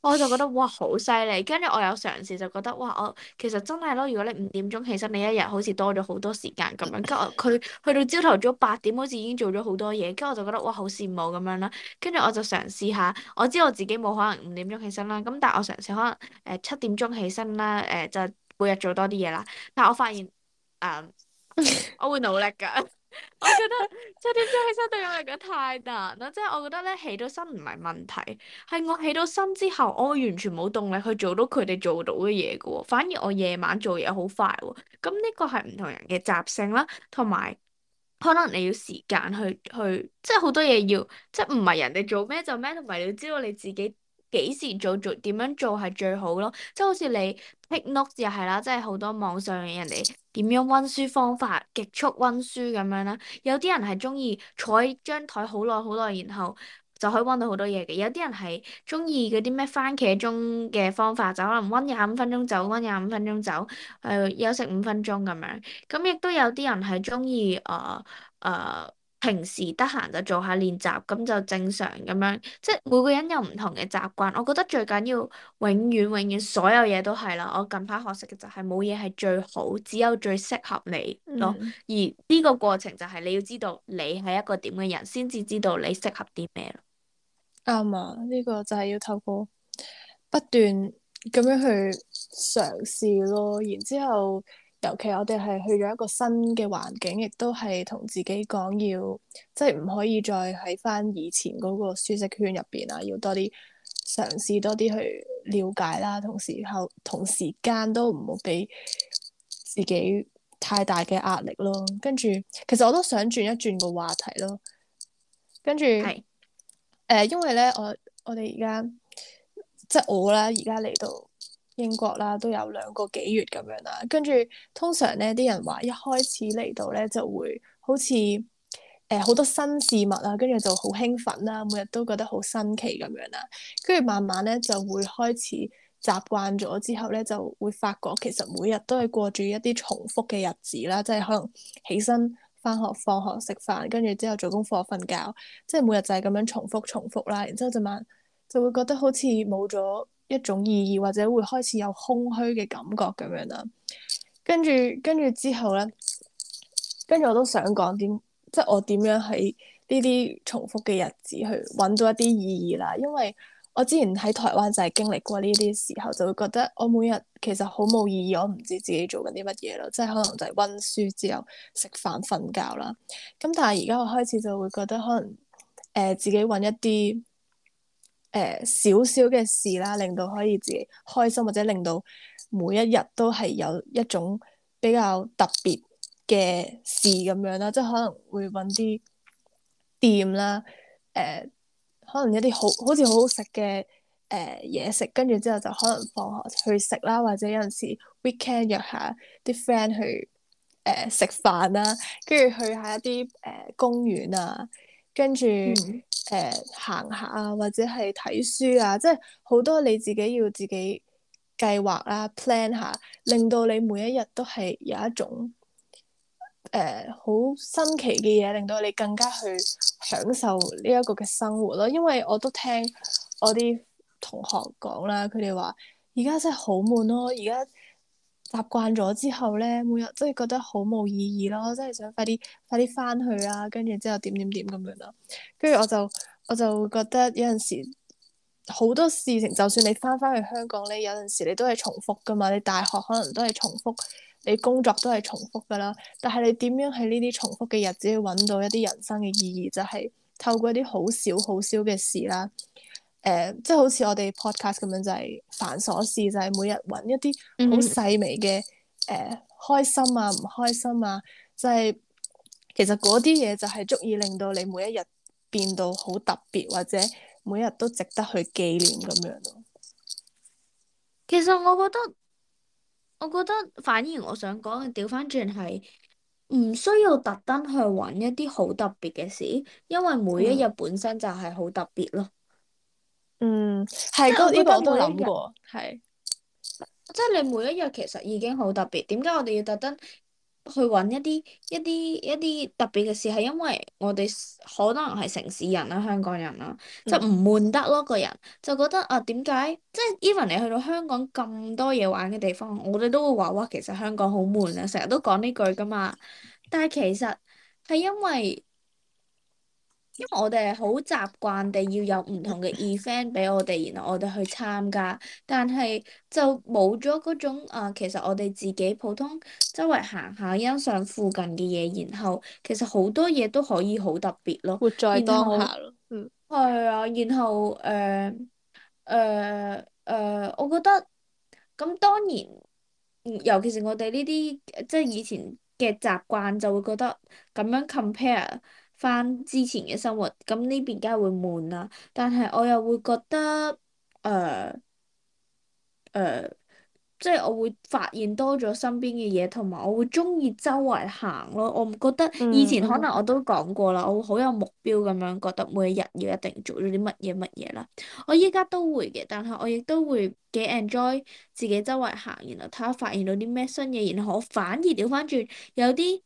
我就覺得哇好犀利，跟住我有嘗試就覺得哇我其實真係咯，如果你五點鐘起身，你一日好似多咗好多時間咁樣，跟住佢去到朝頭早八點好似已經做咗好多嘢，跟住我就覺得哇好羨慕咁樣啦，跟住我就嘗試下，我知我自己冇可能五點鐘起身啦，咁但係我嘗試可能誒七點鐘起身啦，誒、呃、就每日做多啲嘢啦，但我發現。誒，um, 我會努力㗎。 我覺得即係七點鐘起身對我嚟講太難啦。即 係我覺得咧，起到身唔係問題，係我起到身之後，我完全冇動力去做到佢哋做到嘅嘢嘅喎。反而我夜晚做嘢好快喎、哦。咁呢個係唔同人嘅習性啦，同埋可能你要時間去去，即係好多嘢要，即係唔係人哋做咩就咩，同埋你要知道你自己幾時做做點樣做係最好咯。即係好似你 Pick Notes 筆錄又係啦，即係好多網上嘅人哋。點樣溫書方法？極速溫書咁樣啦，有啲人係中意坐喺張台好耐好耐，然後就可以溫到好多嘢嘅。有啲人係中意嗰啲咩番茄鐘嘅方法，就可能溫廿五分鐘走，溫廿五分鐘走，誒、呃、休息五分鐘咁樣。咁亦都有啲人係中意誒誒。呃呃平時得閒就做下練習，咁就正常咁樣，即係每個人有唔同嘅習慣。我覺得最緊要永遠永遠所有嘢都係啦。我近排學識嘅就係冇嘢係最好，只有最適合你咯。嗯、而呢個過程就係你要知道你係一個點嘅人，先至知道你適合啲咩。啱啊！呢、嗯呢個就係要透過不斷咁樣去嘗試咯，然之後。尤其我哋係去咗一個新嘅環境，亦都係同自己講要，即係唔可以再喺翻以前嗰個舒適圈入邊啊，要多啲嘗試，多啲去了解啦，同時候同時間都唔好俾自己太大嘅壓力咯。跟住，其實我都想轉一轉個話題咯。跟住，係是、呃，因為咧，我我哋而家即係我啦，而家嚟到。英國啦，都有兩個幾月咁樣啦。跟住通常咧，啲人話一開始嚟到咧就會好似誒好多新事物啦，跟住就好興奮啦，每日都覺得好新奇咁樣啦。跟住慢慢咧就會開始習慣咗之後咧，就會發覺其實每日都係過住一啲重複嘅日子啦，即係可能起身返學、放學、食飯，跟住之後做功課、瞓覺，即係每日就係咁樣重複重複啦。然之後就慢就會覺得好似冇咗一種意義，或者會開始有空虛嘅感覺咁樣啦，跟住跟住之後咧，跟住我都想講點，即係我點樣喺呢啲重複嘅日子去搵到一啲意義啦。因為我之前喺台灣就係經歷過呢啲時候，就會覺得我每日其實好冇意義，我唔知自己做緊啲乜嘢咯。即係可能就係溫書之後食飯瞓覺啦。咁但係而家我開始就會覺得可能誒、呃、自己搵一啲。誒，少少嘅事啦，令到可以自己開心，或者令到每一日都係有一種比較特別嘅事咁樣啦，即係可能會搵啲店啦，誒、呃，可能一啲好好似好好食嘅誒嘢食，跟住之後就可能放學去食啦，或者有陣時 weekend 約下啲 friend 去誒食、呃、飯啦，跟住去下一啲誒、呃、公園啊，跟住、嗯。誒、呃，行下啊，或者係睇書啊，即係好多你自己要自己計劃啦，plan 下，令到你每一日都係有一種誒好、呃、新奇嘅嘢，令到你更加去享受呢一個嘅生活咯。因為我都聽我啲同學講啦，佢哋話而家真係好悶咯，而家。習慣咗之後咧，每日真係覺得好冇意義咯，我真係想快啲快啲翻去啊，跟住之後點點點咁樣啦。跟住我就我就覺得有陣時好多事情，就算你翻翻去香港咧，有陣時你都係重複噶嘛。你大學可能都係重複，你工作都係重複噶啦。但係你點樣喺呢啲重複嘅日子去搵到一啲人生嘅意義，就係透過一啲好少好少嘅事啦。誒，即係好似我哋 podcast 咁樣，就係、是、繁瑣事，就係、是、每日搵一啲好細微嘅誒、mm hmm. 呃、開心啊，唔開心啊，就係、是、其實嗰啲嘢就係足以令到你每一日變到好特別，或者每一日都值得去紀念咁樣咯。其實我覺得，我覺得反而我想講嘅調翻轉係唔需要特登去搵一啲好特別嘅事，因為每一日本身就係好特別咯。Mm hmm. 嗯，係，呢個我都諗過，係，即係你每一日其實已經好特別，點解我哋要特登去搵一啲一啲一啲特別嘅事？係因為我哋可能係城市人啦，香港人啦，嗯、就唔悶得咯，個人就覺得啊，點解即係 even 你去到香港咁多嘢玩嘅地方，我哋都會話哇，其實香港好悶啊，成日都講呢句噶嘛，但係其實係因為。因為我哋係好習慣地要有唔同嘅 event 俾我哋，然後我哋去參加，但係就冇咗嗰種、呃、其實我哋自己普通周圍行下，欣賞附近嘅嘢，然後其實好多嘢都可以好特別咯，活在當下咯，然後、嗯、係啊，然後誒誒誒，我覺得咁當然，尤其是我哋呢啲即係以前嘅習慣，就會覺得咁樣 compare 返之前嘅生活，咁呢邊梗係會悶啦。但係我又會覺得，誒、呃，誒、呃，即係我會發現多咗身邊嘅嘢，同埋我會鍾意周圍行咯。我唔覺得、嗯、以前可能我都講過啦，我會好有目標咁樣，覺得每日要一定做咗啲乜嘢乜嘢啦。我依家都會嘅，但係我亦都會幾 enjoy 自己周圍行，然後睇下發現到啲咩新嘢，然後我反而調返轉有啲。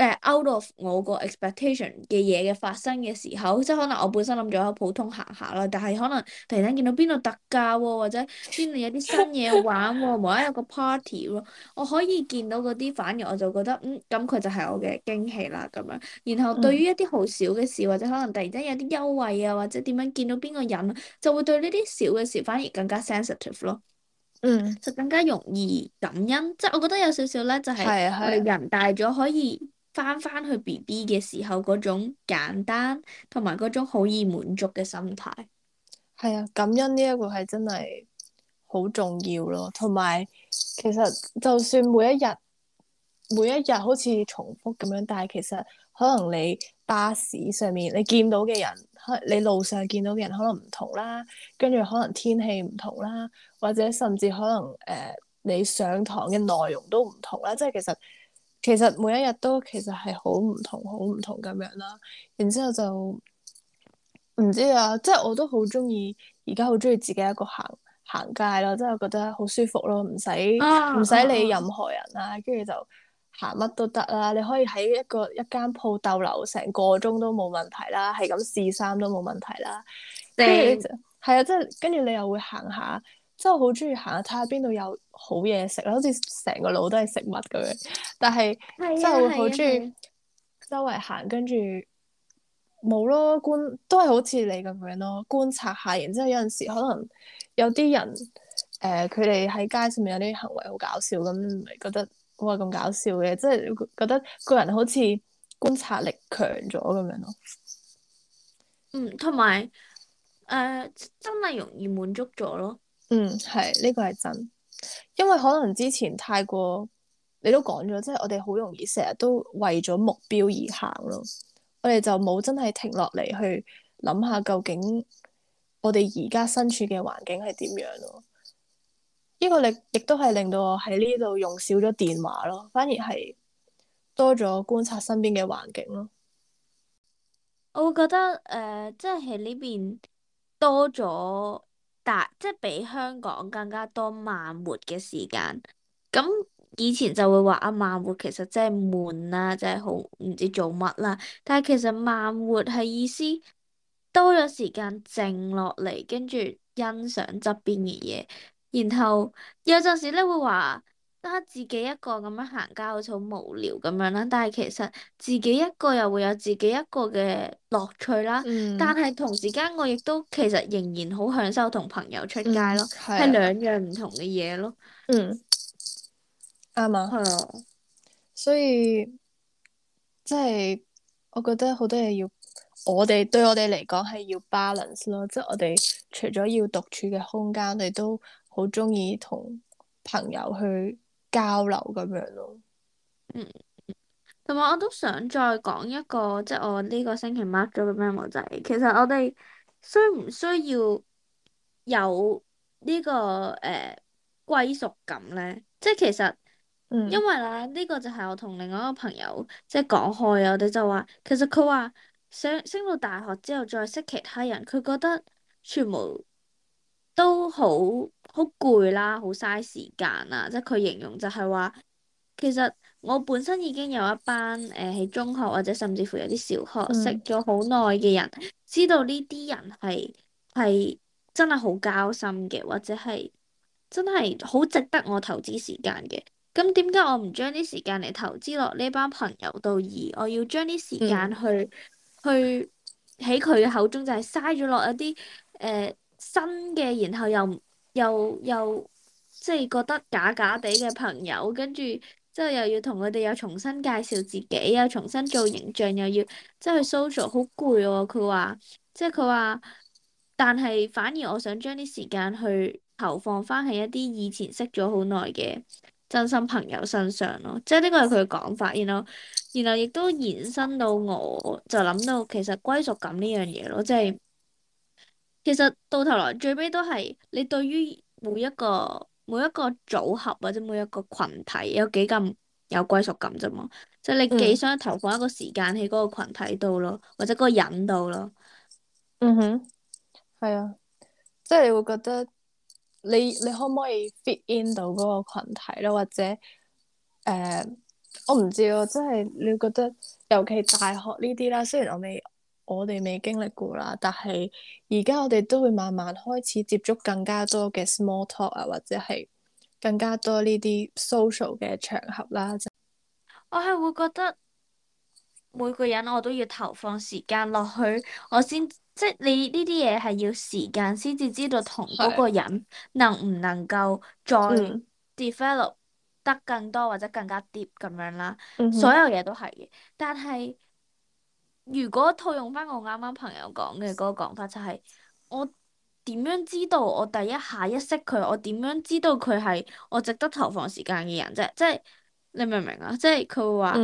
誒 out of 我個 expectation 嘅嘢嘅發生嘅時候，即係可能我本身諗咗普通行下啦，但係可能突然間見到邊度特價喎，或者邊度有啲新嘢玩喎，無啦啦 有一個 party 喎，我可以見到嗰啲，反而我就覺得嗯，咁佢就係我嘅驚喜啦咁樣。然後對於一啲好少嘅事，或者可能突然間有啲優惠啊，或者點樣見到邊個人，就會對呢啲少嘅事反而更加 sensitive 咯。嗯。就更加容易感恩，即係我覺得有少少咧，就係、是、我人大咗可以。翻翻去 B B 嘅時候嗰種簡單同埋嗰種好易滿足嘅心態。係啊，感恩呢一個係真係好重要咯。同埋其實就算每一日每一日好似重複咁樣，但係其實可能你巴士上面你見到嘅人，可你路上見到嘅人可能唔同啦，跟住可能天氣唔同啦，或者甚至可能誒、呃、你上堂嘅內容都唔同啦，即係其實。其實每一日都其實係好唔同好唔同咁樣啦，然之後就唔知啊，即係我都好中意而家好中意自己一個行行街咯，即係覺得好舒服咯，唔使唔使理任何人啦，跟住、啊、就行乜都得啦，你可以喺一個一間鋪逗留成個鐘都冇問題啦，係咁試衫都冇問題啦，跟住係啊，即係跟住你又會行下。真係好中意行下，睇下邊度有好嘢食啦，好似成個腦都係食物咁樣。但係真係會好中意周圍行，跟住冇咯觀，都係好似你咁樣咯，觀察下。然之後有陣時可能有啲人，誒、呃，佢哋喺街上面有啲行為好搞笑，咁咪覺得哇咁搞笑嘅，即係覺得個人好似觀察力強咗咁樣咯。嗯，同埋誒，真係容易滿足咗咯。嗯，係呢個係真，因為可能之前太過，你都講咗，即係我哋好容易成日都為咗目標而行咯，我哋就冇真係停落嚟去諗下究竟我哋而家身處嘅環境係點樣咯。呢個力亦都係令到我喺呢度用少咗電話咯，反而係多咗觀察身邊嘅環境咯。我會覺得誒、呃，即係喺呢邊多咗。即係比香港更加多慢活嘅時間，咁以前就會話啊，慢活其實真係悶啦，真係好唔知做乜啦。但係其實慢活係意思多咗時間靜落嚟，跟住欣賞側邊嘅嘢，然後有陣時咧會話。得自己一個咁樣行街好似好無聊咁樣啦，但係其實自己一個又會有自己一個嘅樂趣啦。嗯、但係同時間我亦都其實仍然好享受同朋友出街咯，係兩、嗯啊、樣唔同嘅嘢咯。嗯。啱、嗯、吧啊。嗯。所以，即係我覺得好多嘢要我哋對我哋嚟講係要 balance 咯，即、就、係、是、我哋除咗要獨處嘅空間，你都好中意同朋友去。交流咁樣咯，嗯，同埋我都想再講一個，即係我呢個星期 mark 咗個 memo 仔。其實我哋需唔需要有呢個呃歸屬感咧？即係其實，因為啦，呢個，嗯，就係我同另外一個朋友即係講開啊，我哋就話，其實佢話上升到大學之後再識其他人，佢覺得全部都好。好攰啦，好嘥時間啊！即係佢形容就係話，其實我本身已經有一班誒喺、呃、中學或者甚至乎有啲小學、嗯、識咗好耐嘅人，知道呢啲人係係真係好交心嘅，或者係真係好值得我投資時間嘅。咁點解我唔將啲時間嚟投資落呢班朋友度，而我要將啲時間去、嗯、去喺佢嘅口中就係嘥咗落一啲誒、呃、新嘅，然後又。又又即係覺得假假地嘅朋友，跟住即係又要同佢哋又重新介紹自己又重新做形象又要即係去 social 好攰哦。佢話即係佢話，但係反而我想將啲時間去投放翻喺一啲以前識咗好耐嘅真心朋友身上咯。即係呢個係佢嘅講法，然後然後亦都延伸到我就諗到其實歸屬感呢樣嘢咯，即係。其實到頭來最尾都係你對於每一個每一個組合或者每一個群體有幾咁有歸屬感啫嘛，即係你幾想投放一個時間喺嗰個群體度咯，或者嗰個人度咯。嗯哼，係啊，即 係你會覺得你你可唔可以 fit in 到嗰個群體咯，或者誒、呃，我唔知咯，即係你會覺得尤其大學呢啲啦，雖然我未。我哋未經歷過啦，但係而家我哋都會慢慢開始接觸更加多嘅 small talk 啊，或者係更加多呢啲 social 嘅場合啦。我係會覺得每個人我都要投放時間落去，我先即係你呢啲嘢係要時間先至知道同嗰個人能唔能夠再 develop 得更多或者更加 deep 咁樣啦。Mm hmm. 所有嘢都係嘅，但係。如果套用翻我啱啱朋友講嘅嗰個講法，就係我點樣知道我第一，一下一識佢，我點樣知道佢係我值得投放時間嘅人啫？即係你明唔明啊？即係佢會話，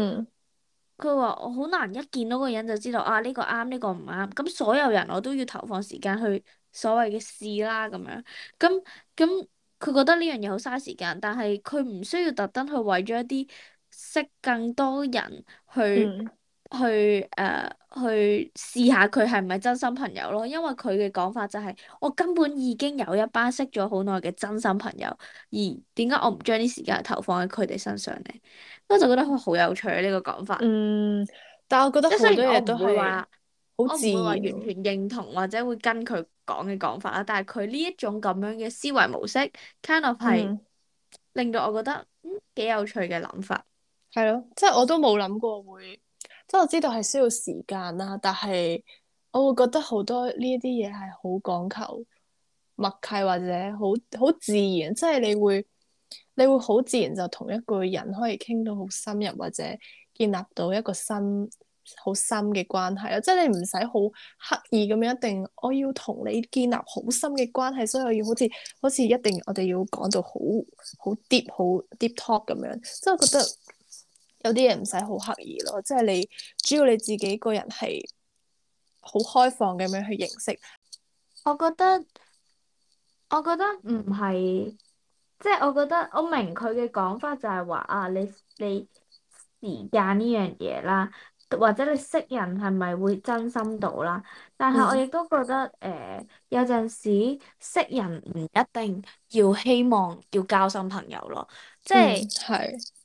佢話、嗯、我好難一見到個人就知道啊呢個啱，呢個唔啱。咁所有人我都要投放時間去所謂嘅試啦咁樣。咁咁佢覺得呢樣嘢好嘥時間，但係佢唔需要特登去為咗一啲識更多人去、嗯。去誒、啊、去試下佢係唔係真心朋友咯，因為佢嘅講法就係、是、我根本已經有一班識咗好耐嘅真心朋友，而點解我唔將啲時間投放喺佢哋身上咧？我就覺得佢好有趣呢、啊，這個講法。嗯，但係我覺得好使多嘢都，我唔會話完全認同或者會跟佢講嘅講法啦、啊。但係佢呢一種咁樣嘅思維模式 kind of 係、嗯、令到我覺得嗯幾有趣嘅諗法。係咯，即係我都冇諗過會。即我知道係需要時間啦，但係我會覺得好多呢一啲嘢係好講求默契或者好好自然，即係你會你會好自然就同一個人可以傾到好深入或者建立到一個新好深嘅關係咯。即係你唔使好刻意咁樣一定我要同你建立好深嘅關係，所以我要好似好似一定我哋要講到好好 deep 好 deep talk 咁樣。即係我覺得。有啲嘢唔使好刻意咯，即係你主要你自己個人係好開放咁樣去認識。我覺得，我覺得唔係，即係我覺得我明佢嘅講法就係話啊，你你時間呢樣嘢啦，或者你識人係咪會真心到啦？但係我亦都覺得誒、嗯呃，有陣時識人唔一定要希望要交新朋友咯，即係係。嗯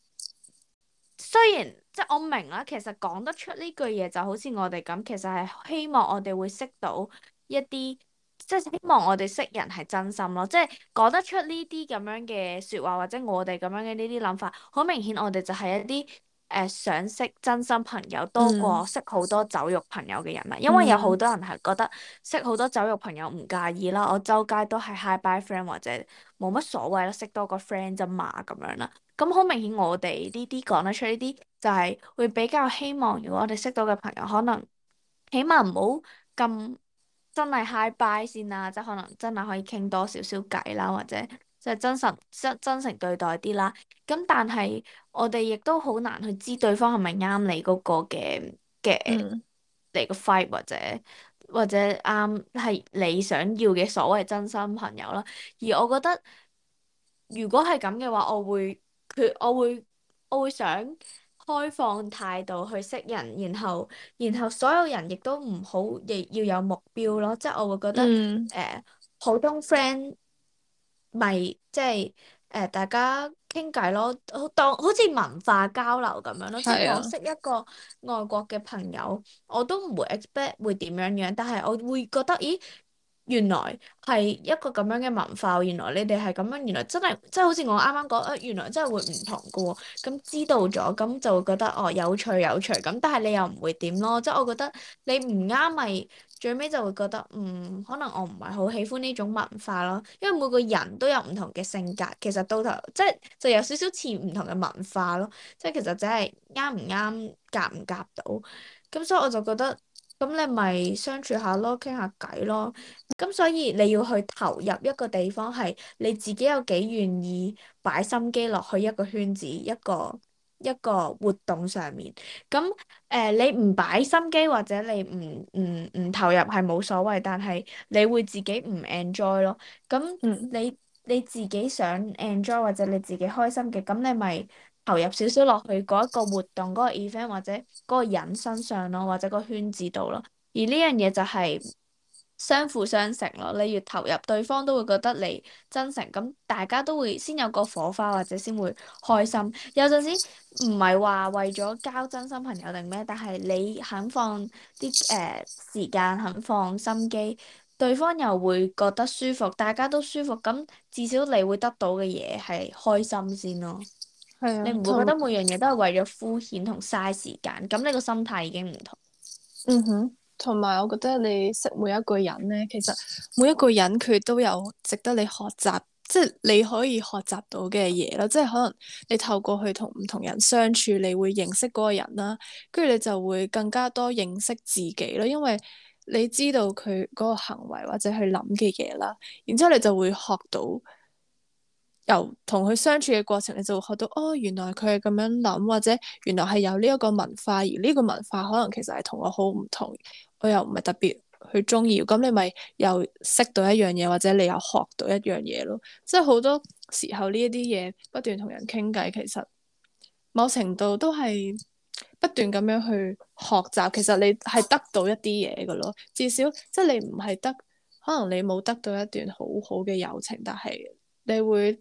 雖然即係我明啦，其實講得出呢句嘢就好似我哋咁，其實係希望我哋會識到一啲，即係希望我哋識人係真心咯。即係講得出呢啲咁樣嘅説話，或者我哋咁樣嘅呢啲諗法，好明顯我哋就係一啲誒、呃、想識真心朋友多過識好多酒肉朋友嘅人啦。嗯、因為有好多人係覺得識好多酒肉朋友唔介意啦，嗯、我周街都係 hi bye friend 或者冇乜所謂啦，識多個 friend 咋嘛咁樣啦。咁好明顯，我哋呢啲講得出呢啲，就係會比較希望，如果我哋識到嘅朋友，可能起碼唔好咁真係 high bye 先啦，即係可能真係可以傾多少少偈啦，或者即係真誠真真誠對待啲啦。咁但係我哋亦都好難去知對方係咪啱你嗰個嘅嘅嚟個 five 或者或者啱係、嗯、你想要嘅所謂真心朋友啦。而我覺得如果係咁嘅話，我會。佢我會我會想開放態度去識人，然後然後所有人亦都唔好亦要有目標咯，即係我會覺得誒普通 friend 咪即係誒大家傾偈咯，當好似文化交流咁樣咯，即係、啊、我識一個外國嘅朋友，我都唔會 expect 會點樣樣，但係我會覺得咦～原來係一個咁樣嘅文化，原來你哋係咁樣，原來真係即係好似我啱啱講，誒、啊、原來真係會唔同嘅喎，咁、嗯、知道咗咁就會覺得哦，有趣有趣，咁但係你又唔會點咯，即係我覺得你唔啱咪最尾就會覺得，嗯，可能我唔係好喜歡呢種文化咯，因為每個人都有唔同嘅性格，其實到頭即係就有少少似唔同嘅文化咯，即係其實只係啱唔啱夾唔夾到，咁、嗯、所以我就覺得。咁你咪相處下咯，傾下偈咯。咁所以你要去投入一個地方，係你自己有幾願意擺心機落去一個圈子、一個一個活動上面。咁誒、呃，你唔擺心機或者你唔唔唔投入係冇所謂，但係你會自己唔 enjoy 咯。咁你你自己想 enjoy 或者你自己開心嘅，咁你咪～投入少少落去嗰一個活動，嗰個 event 或者嗰個人身上咯，或者個圈子度咯。而呢樣嘢就係相輔相成咯。你越投入，對方都會覺得你真誠，咁大家都會先有個火花，或者先會開心。有陣時唔係話為咗交真心朋友定咩，但係你肯放啲誒、呃、時間，肯放心機，對方又會覺得舒服，大家都舒服，咁至少你會得到嘅嘢係開心先咯。係啊，你唔會覺得每樣嘢都係為咗敷衍同嘥時間？咁你個心態已經唔同。嗯哼，同埋我覺得你識每一個人咧，其實每一個人佢都有值得你學習，即係、嗯、你可以學習到嘅嘢咯。即係可能你透過去同唔同人相處，你會認識嗰個人啦，跟住你就會更加多認識自己啦。因為你知道佢嗰個行為或者去諗嘅嘢啦，然之後你就會學到，由同佢相處嘅過程，你就會學到哦，原來佢係咁樣諗，或者原來係有呢一個文化，而呢個文化可能其實係同我好唔同，我又唔係特別去鍾意。咁你咪又識到一樣嘢，或者你又學到一樣嘢咯。即係好多時候呢一啲嘢不斷同人傾偈，其實某程度都係不斷咁樣去學習。其實你係得到一啲嘢嘅咯，至少即係你唔係得，可能你冇得到一段好好嘅友情，但係你會，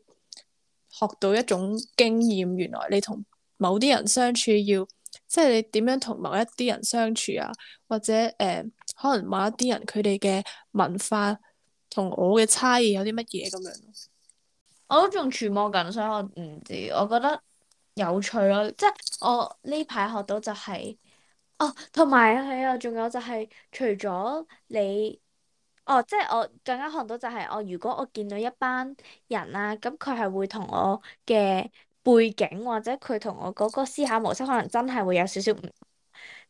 學到一種經驗，原來你同某啲人相處要，即係你點樣同某一啲人相處啊？或者誒、呃，可能某一啲人佢哋嘅文化同我嘅差異有啲乜嘢咁樣？我都仲存望緊，所以我唔知。我覺得有趣咯，即係我呢排學到就係、是，哦，同埋係啊，仲有就係、是、除咗你。哦，即係我更加學到就係、是，我、哦、如果我見到一班人啦，咁佢係會同我嘅背景或者佢同我嗰個思考模式可能真係會有少少唔，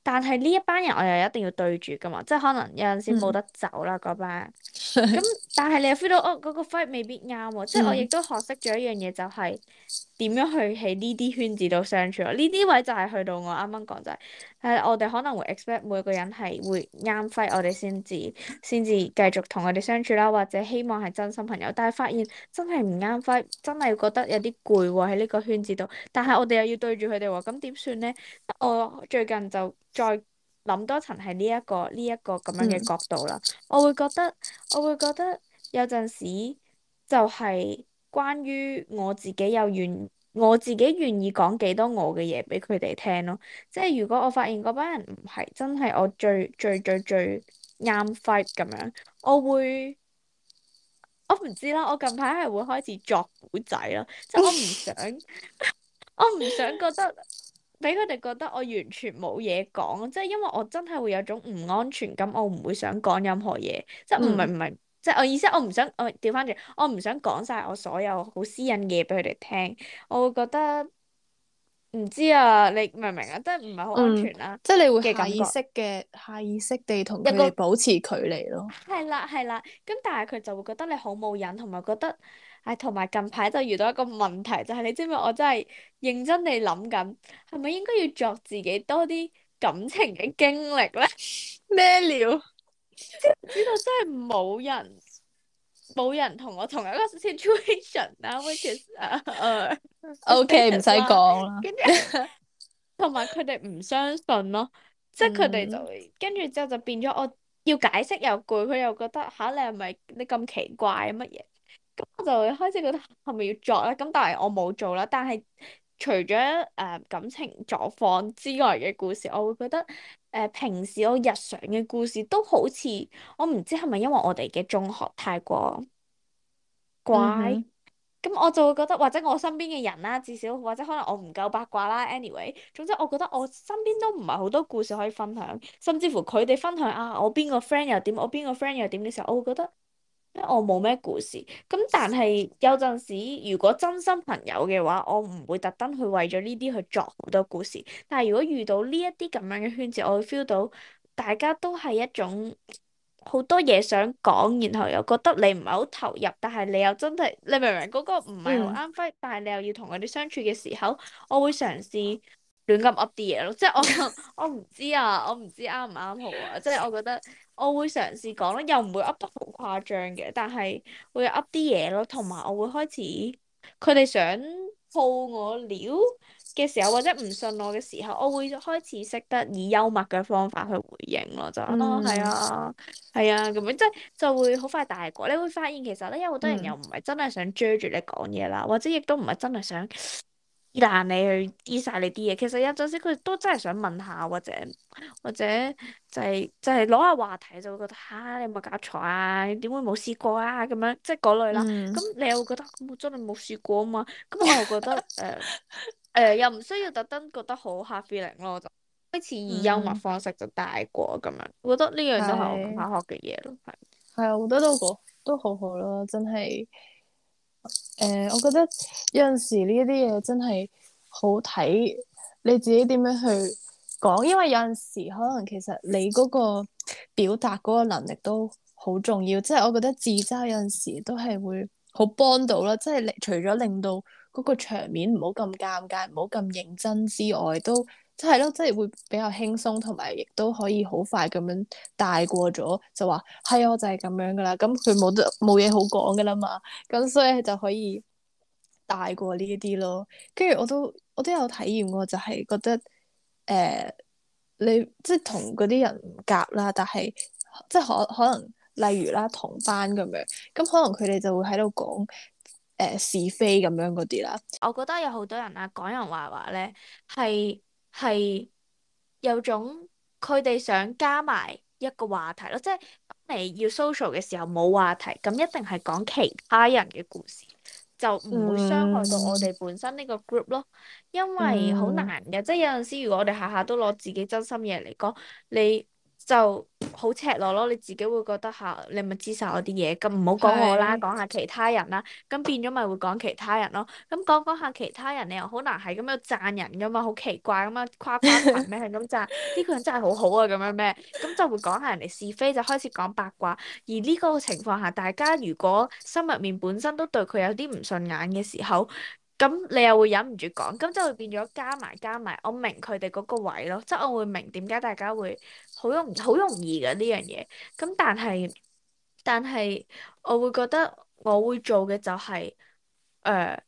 但係呢一班人我又一定要對住㗎嘛，即係可能有陣時冇得走啦嗰班，咁、嗯、但係你又飛到屋嗰、哦那個 fight、er、未必啱喎，即係我亦都學識咗一樣嘢就係、是。點樣去喺呢啲圈子度相處咯？呢啲位就係去到我啱啱講就係，誒、呃、我哋可能會 expect 每個人係會啱 fit 我哋先至先至繼續同我哋相處啦，或者希望係真心朋友，但係發現真係唔啱 fit 真係覺得有啲攰喎喺呢個圈子度。但係我哋又要對住佢哋喎，咁點算呢？我最近就再諗多層係呢一個呢一個咁樣嘅角度啦、嗯。我會覺得我會覺得有陣時就係、是。關於我自己又願，我自己願意講幾多我嘅嘢俾佢哋聽咯。即係如果我發現嗰班人唔係真係我最最最最啱 fit 咁樣，我會我唔知啦。我近排係會開始作古仔啦，即係我唔想， 我唔想覺得俾佢哋覺得我完全冇嘢講。即係因為我真係會有種唔安全感，我唔會想講任何嘢。即係唔係唔係。嗯即係、就是、我意思我，我唔想我調翻轉，我唔想講晒我所有好私隱嘅嘢俾佢哋聽，我會覺得唔知啊，你明唔明啊？即係唔係好安全啦、啊嗯？即係你會下意識嘅下意識地同佢哋保持距離咯。係啦係啦，咁但係佢就會覺得你好冇癮，同埋覺得唉，同、哎、埋近排就遇到一個問題，就係、是、你知唔知我真係認真地諗緊，係咪應該要作自己多啲感情嘅經歷咧？咩 料？知道真係冇人冇人同我同一個 situation 啊 which is 啊，嗯、uh, uh, Okay,。OK，唔使講啦。跟住後，同埋佢哋唔相信咯、啊， 即係佢哋就跟住之後就變咗，我要解釋又攰，佢又覺得吓你係咪你咁奇怪乜嘢？咁我就開始覺得係咪要作咧？咁但係我冇做啦，但係。但除咗誒、呃、感情狀況之外嘅故事，我會覺得誒、呃、平時我日常嘅故事都好似我唔知係咪因為我哋嘅中學太過怪，咁、嗯、哼我就會覺得或者我身邊嘅人啦，至少或者可能我唔夠八卦啦。Anyway，總之我覺得我身邊都唔係好多故事可以分享，甚至乎佢哋分享啊，我邊個 friend 又點，我邊個 friend 又點嘅時候，我會覺得。即我冇咩故事，咁但係有陣時，如果真心朋友嘅話，我唔會特登去為咗呢啲去作好多故事。但係如果遇到呢一啲咁樣嘅圈子，我會 feel 到大家都係一種好多嘢想講，然後又覺得你唔係好投入，但係你又真係你明唔明？嗰、那個唔係好啱揮，嗯、但係你又要同佢哋相處嘅時候，我會嘗試亂咁 up 啲嘢咯。即、就是、我 我唔知啊，我唔知啱唔啱好啊。即、就是、我覺得。我會嘗試講咯，又唔會噏得好誇張嘅，但係會噏啲嘢咯，同埋我會開始佢哋想套我料嘅時候，或者唔信我嘅時候，我會開始識得以幽默嘅方法去回應咯，就係、嗯哦、啊，係啊，係啊，咁樣即係就會好快大過。你會發現其實咧，有好多人又唔係真係想追住你講嘢啦，嗯、或者亦都唔係真係想。依賴你去依晒你啲嘢，其實有陣時佢都真係想問下或者或者就係、是、就係、是、攞下話題就會覺得吓、啊，你有冇搞錯啊？點會冇試過啊？咁樣即係嗰類啦。咁、嗯、你又覺得我真係冇試過啊嘛？咁我又覺得誒誒、 呃呃、又唔需要特登覺得好 hard feeling 咯，就開始以幽默方式就帶過咁樣。嗯、我覺得呢樣就係我學嘅嘢咯，係係啊，我覺得都個都好好咯，真係。誒、呃，我覺得有陣時呢啲嘢真係好睇你自己點樣去講，因為有陣時可能其實你嗰個表達嗰個能力都好重要，即係我覺得自嘲有陣時都係會好幫到啦，即係你除咗令到嗰個場面唔好咁尷尬，唔好咁認真之外，都。即係咯，即係會比較輕鬆，同埋亦都可以好快咁樣大過咗，就話係啊，我就係咁樣噶啦。咁佢冇得冇嘢好講噶啦嘛。咁所以就可以大過呢一啲咯。跟住我都我都有體驗過，就係、是、覺得誒、呃、你即係同嗰啲人唔夾啦，但係即係可可能例如啦同班咁樣，咁可能佢哋就會喺度講誒是非咁樣嗰啲啦。我覺得有好多人呀講人壞話咧係。係有種佢哋想加埋一個話題咯，即係你要 social 嘅時候冇話題，咁一定係講其他人嘅故事，就唔會傷害到我哋本身呢個 group 咯。因為好難嘅，嗯、即係有陣時如果我哋下下都攞自己真心嘢嚟講，你，就好赤裸咯，你自己會覺得嚇、啊，你咪知曬我啲嘢，咁唔好講我啦，講下是其他人啦，咁變咗咪會講其他人咯，咁講講下其他人，你又好難係咁樣讚人㗎嘛，好奇怪㗎嘛，誇誇群咩係咁讚，呢個人真係好好啊，咁樣咩，咁就會講下人哋是非，就開始講八卦，而呢個情況下，大家如果心入面本身都對佢有啲唔順眼嘅時候。咁你又會忍唔住講，咁即係會變咗加埋加埋，我明佢哋嗰個位咯，即係我會明點解大家會好容好容易嘅呢樣嘢，咁但係但係我會覺得我會做嘅就係、是、誒、呃、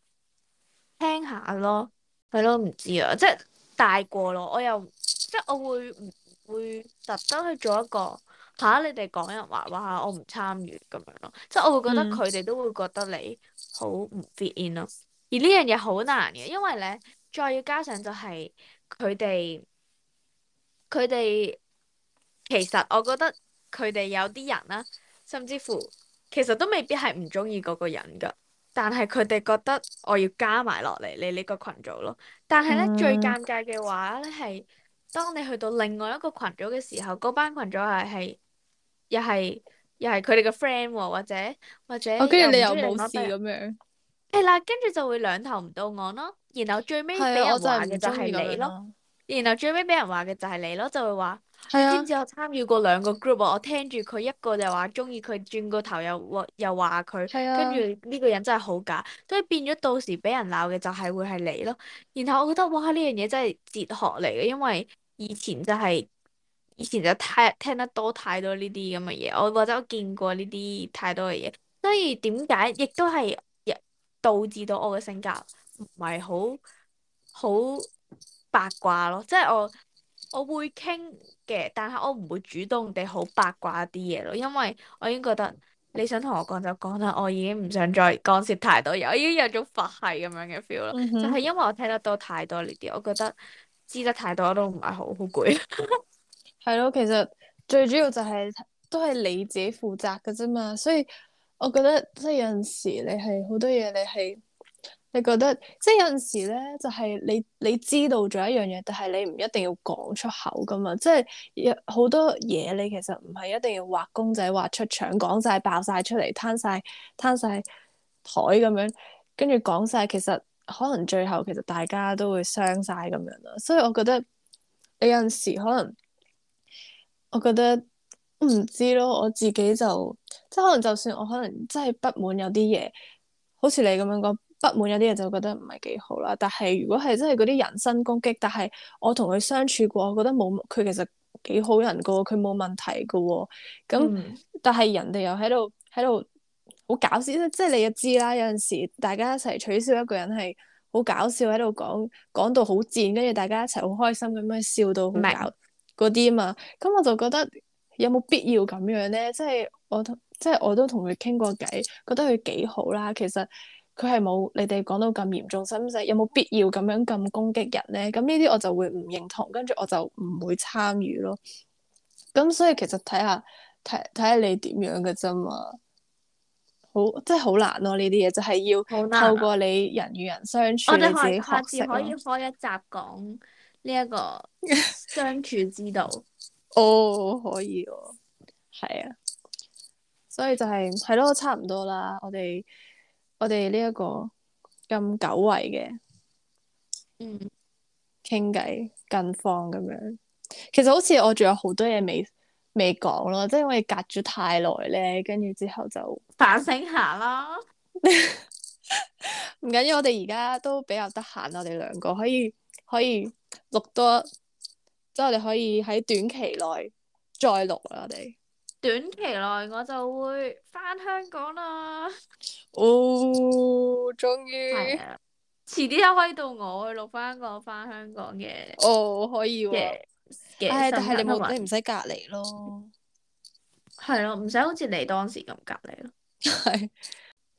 聽下咯，係咯唔知啊，即係大過咯，我又即係我會唔會特登去做一個吓、啊、你哋講人話哇，我唔參與咁樣咯，即係我會覺得佢哋都會覺得你好唔 fit in 咯。而呢樣嘢好難嘅，因為咧，再要加上就係佢哋，佢哋其實我覺得佢哋有啲人啦，甚至乎其實都未必係唔中意嗰個人㗎，但係佢哋覺得我要加埋落嚟你呢個群組咯。但係咧、嗯、最尷尬嘅話咧係，當你去到另外一個群組嘅時候，嗰班群組係係又係又係佢哋嘅 friend 喎，或者或者跟住 Okay, 你又冇事咁樣。係啦，跟住就會兩頭唔到岸咯。然後最尾俾人話嘅就係你咯，然後最尾俾人話嘅就係你咯，就會話係啊，知唔知我參與過兩個 group 啊！我聽住佢一個就話中意佢，轉個頭又話又話佢，跟住呢個人真係好假，所以變咗到時俾人鬧嘅就係會係你咯。然後我覺得哇，呢樣嘢真係哲學嚟嘅，因為以前就係、是、以前就聽聽得多太多呢啲咁嘅嘢，我或者我見過呢啲太多嘅嘢，所以點解亦都係。導致到我嘅性格唔係好好八卦咯，即係我我會傾嘅，但係我唔會主動地好八卦啲嘢咯因為我已經覺得你想同我講就講啦，我已經唔想再干涉太多嘢，我已經有種佛系咁樣嘅 feel 咯。Mm hmm. 就係因為我聽得多太多呢啲，我覺得知得太多都唔係好好攰。係咯， 其實最主要就係、是、都係你自己負責㗎啫嘛，所以。我覺得即係有陣時你係好多嘢，你係你覺得即係有陣時咧，就係你你知道咗一樣嘢，但係你唔一定要講出口噶嘛。即係有好多嘢你其實唔係一定要畫公仔畫出腸，講晒爆晒出嚟，攤晒攤晒台咁樣，跟住講晒，其實可能最後其實大家都會傷晒咁樣啦。所以我覺得你有陣時可能，我覺得。唔知咯，我自己就即係可能，就算我可能真係不滿有啲嘢，好似你咁樣講不滿有啲嘢就覺得唔係幾好啦。但係如果係真係嗰啲人身攻擊，但係我同佢相處過，我覺得冇佢其實幾好人噶，佢冇問題噶、哦。咁、嗯、但係人哋又喺度喺度好搞笑，即係你又知啦。有陣時大家一齊取笑一個人係好搞笑，喺度講講到好賤，跟住大家一齊好開心咁樣笑到好搞啲啊是嘛。咁我就覺得。有冇必要咁樣咧？即係我即係我都同佢傾過偈，覺得佢幾好啦。其實佢係冇你哋講到咁嚴重，使唔使有冇必要咁樣咁攻擊人咧？咁呢啲我就會唔認同，跟住我就唔會參與咯。咁所以其實睇下睇睇下你點樣嘅啫嘛。好，即係好難咯呢啲嘢，就係要透過你人與人相處，你自己學識啊。我哋可以開一集講呢一個相處之道。 哦，oh, 可以哦，係啊，所以就係係咯，差唔多啦。我哋我哋呢一個咁久違嘅，嗯，傾偈近況咁樣。其實好似我仲有好多嘢未未講咯，即係因為隔住太耐咧，跟住之後就反省下啦。唔緊要，我哋而家都比較得閒，我哋兩個可以可以錄多。即係我哋可以喺短期內再錄啊！我哋短期內我就會翻香港啦。哦，終於，遲啲又可以到我去錄翻個翻香港嘅，哦，可以嘅嘅，哎，但係你唔你唔使隔離咯。係咯，唔使好似你當時咁隔離咯，係。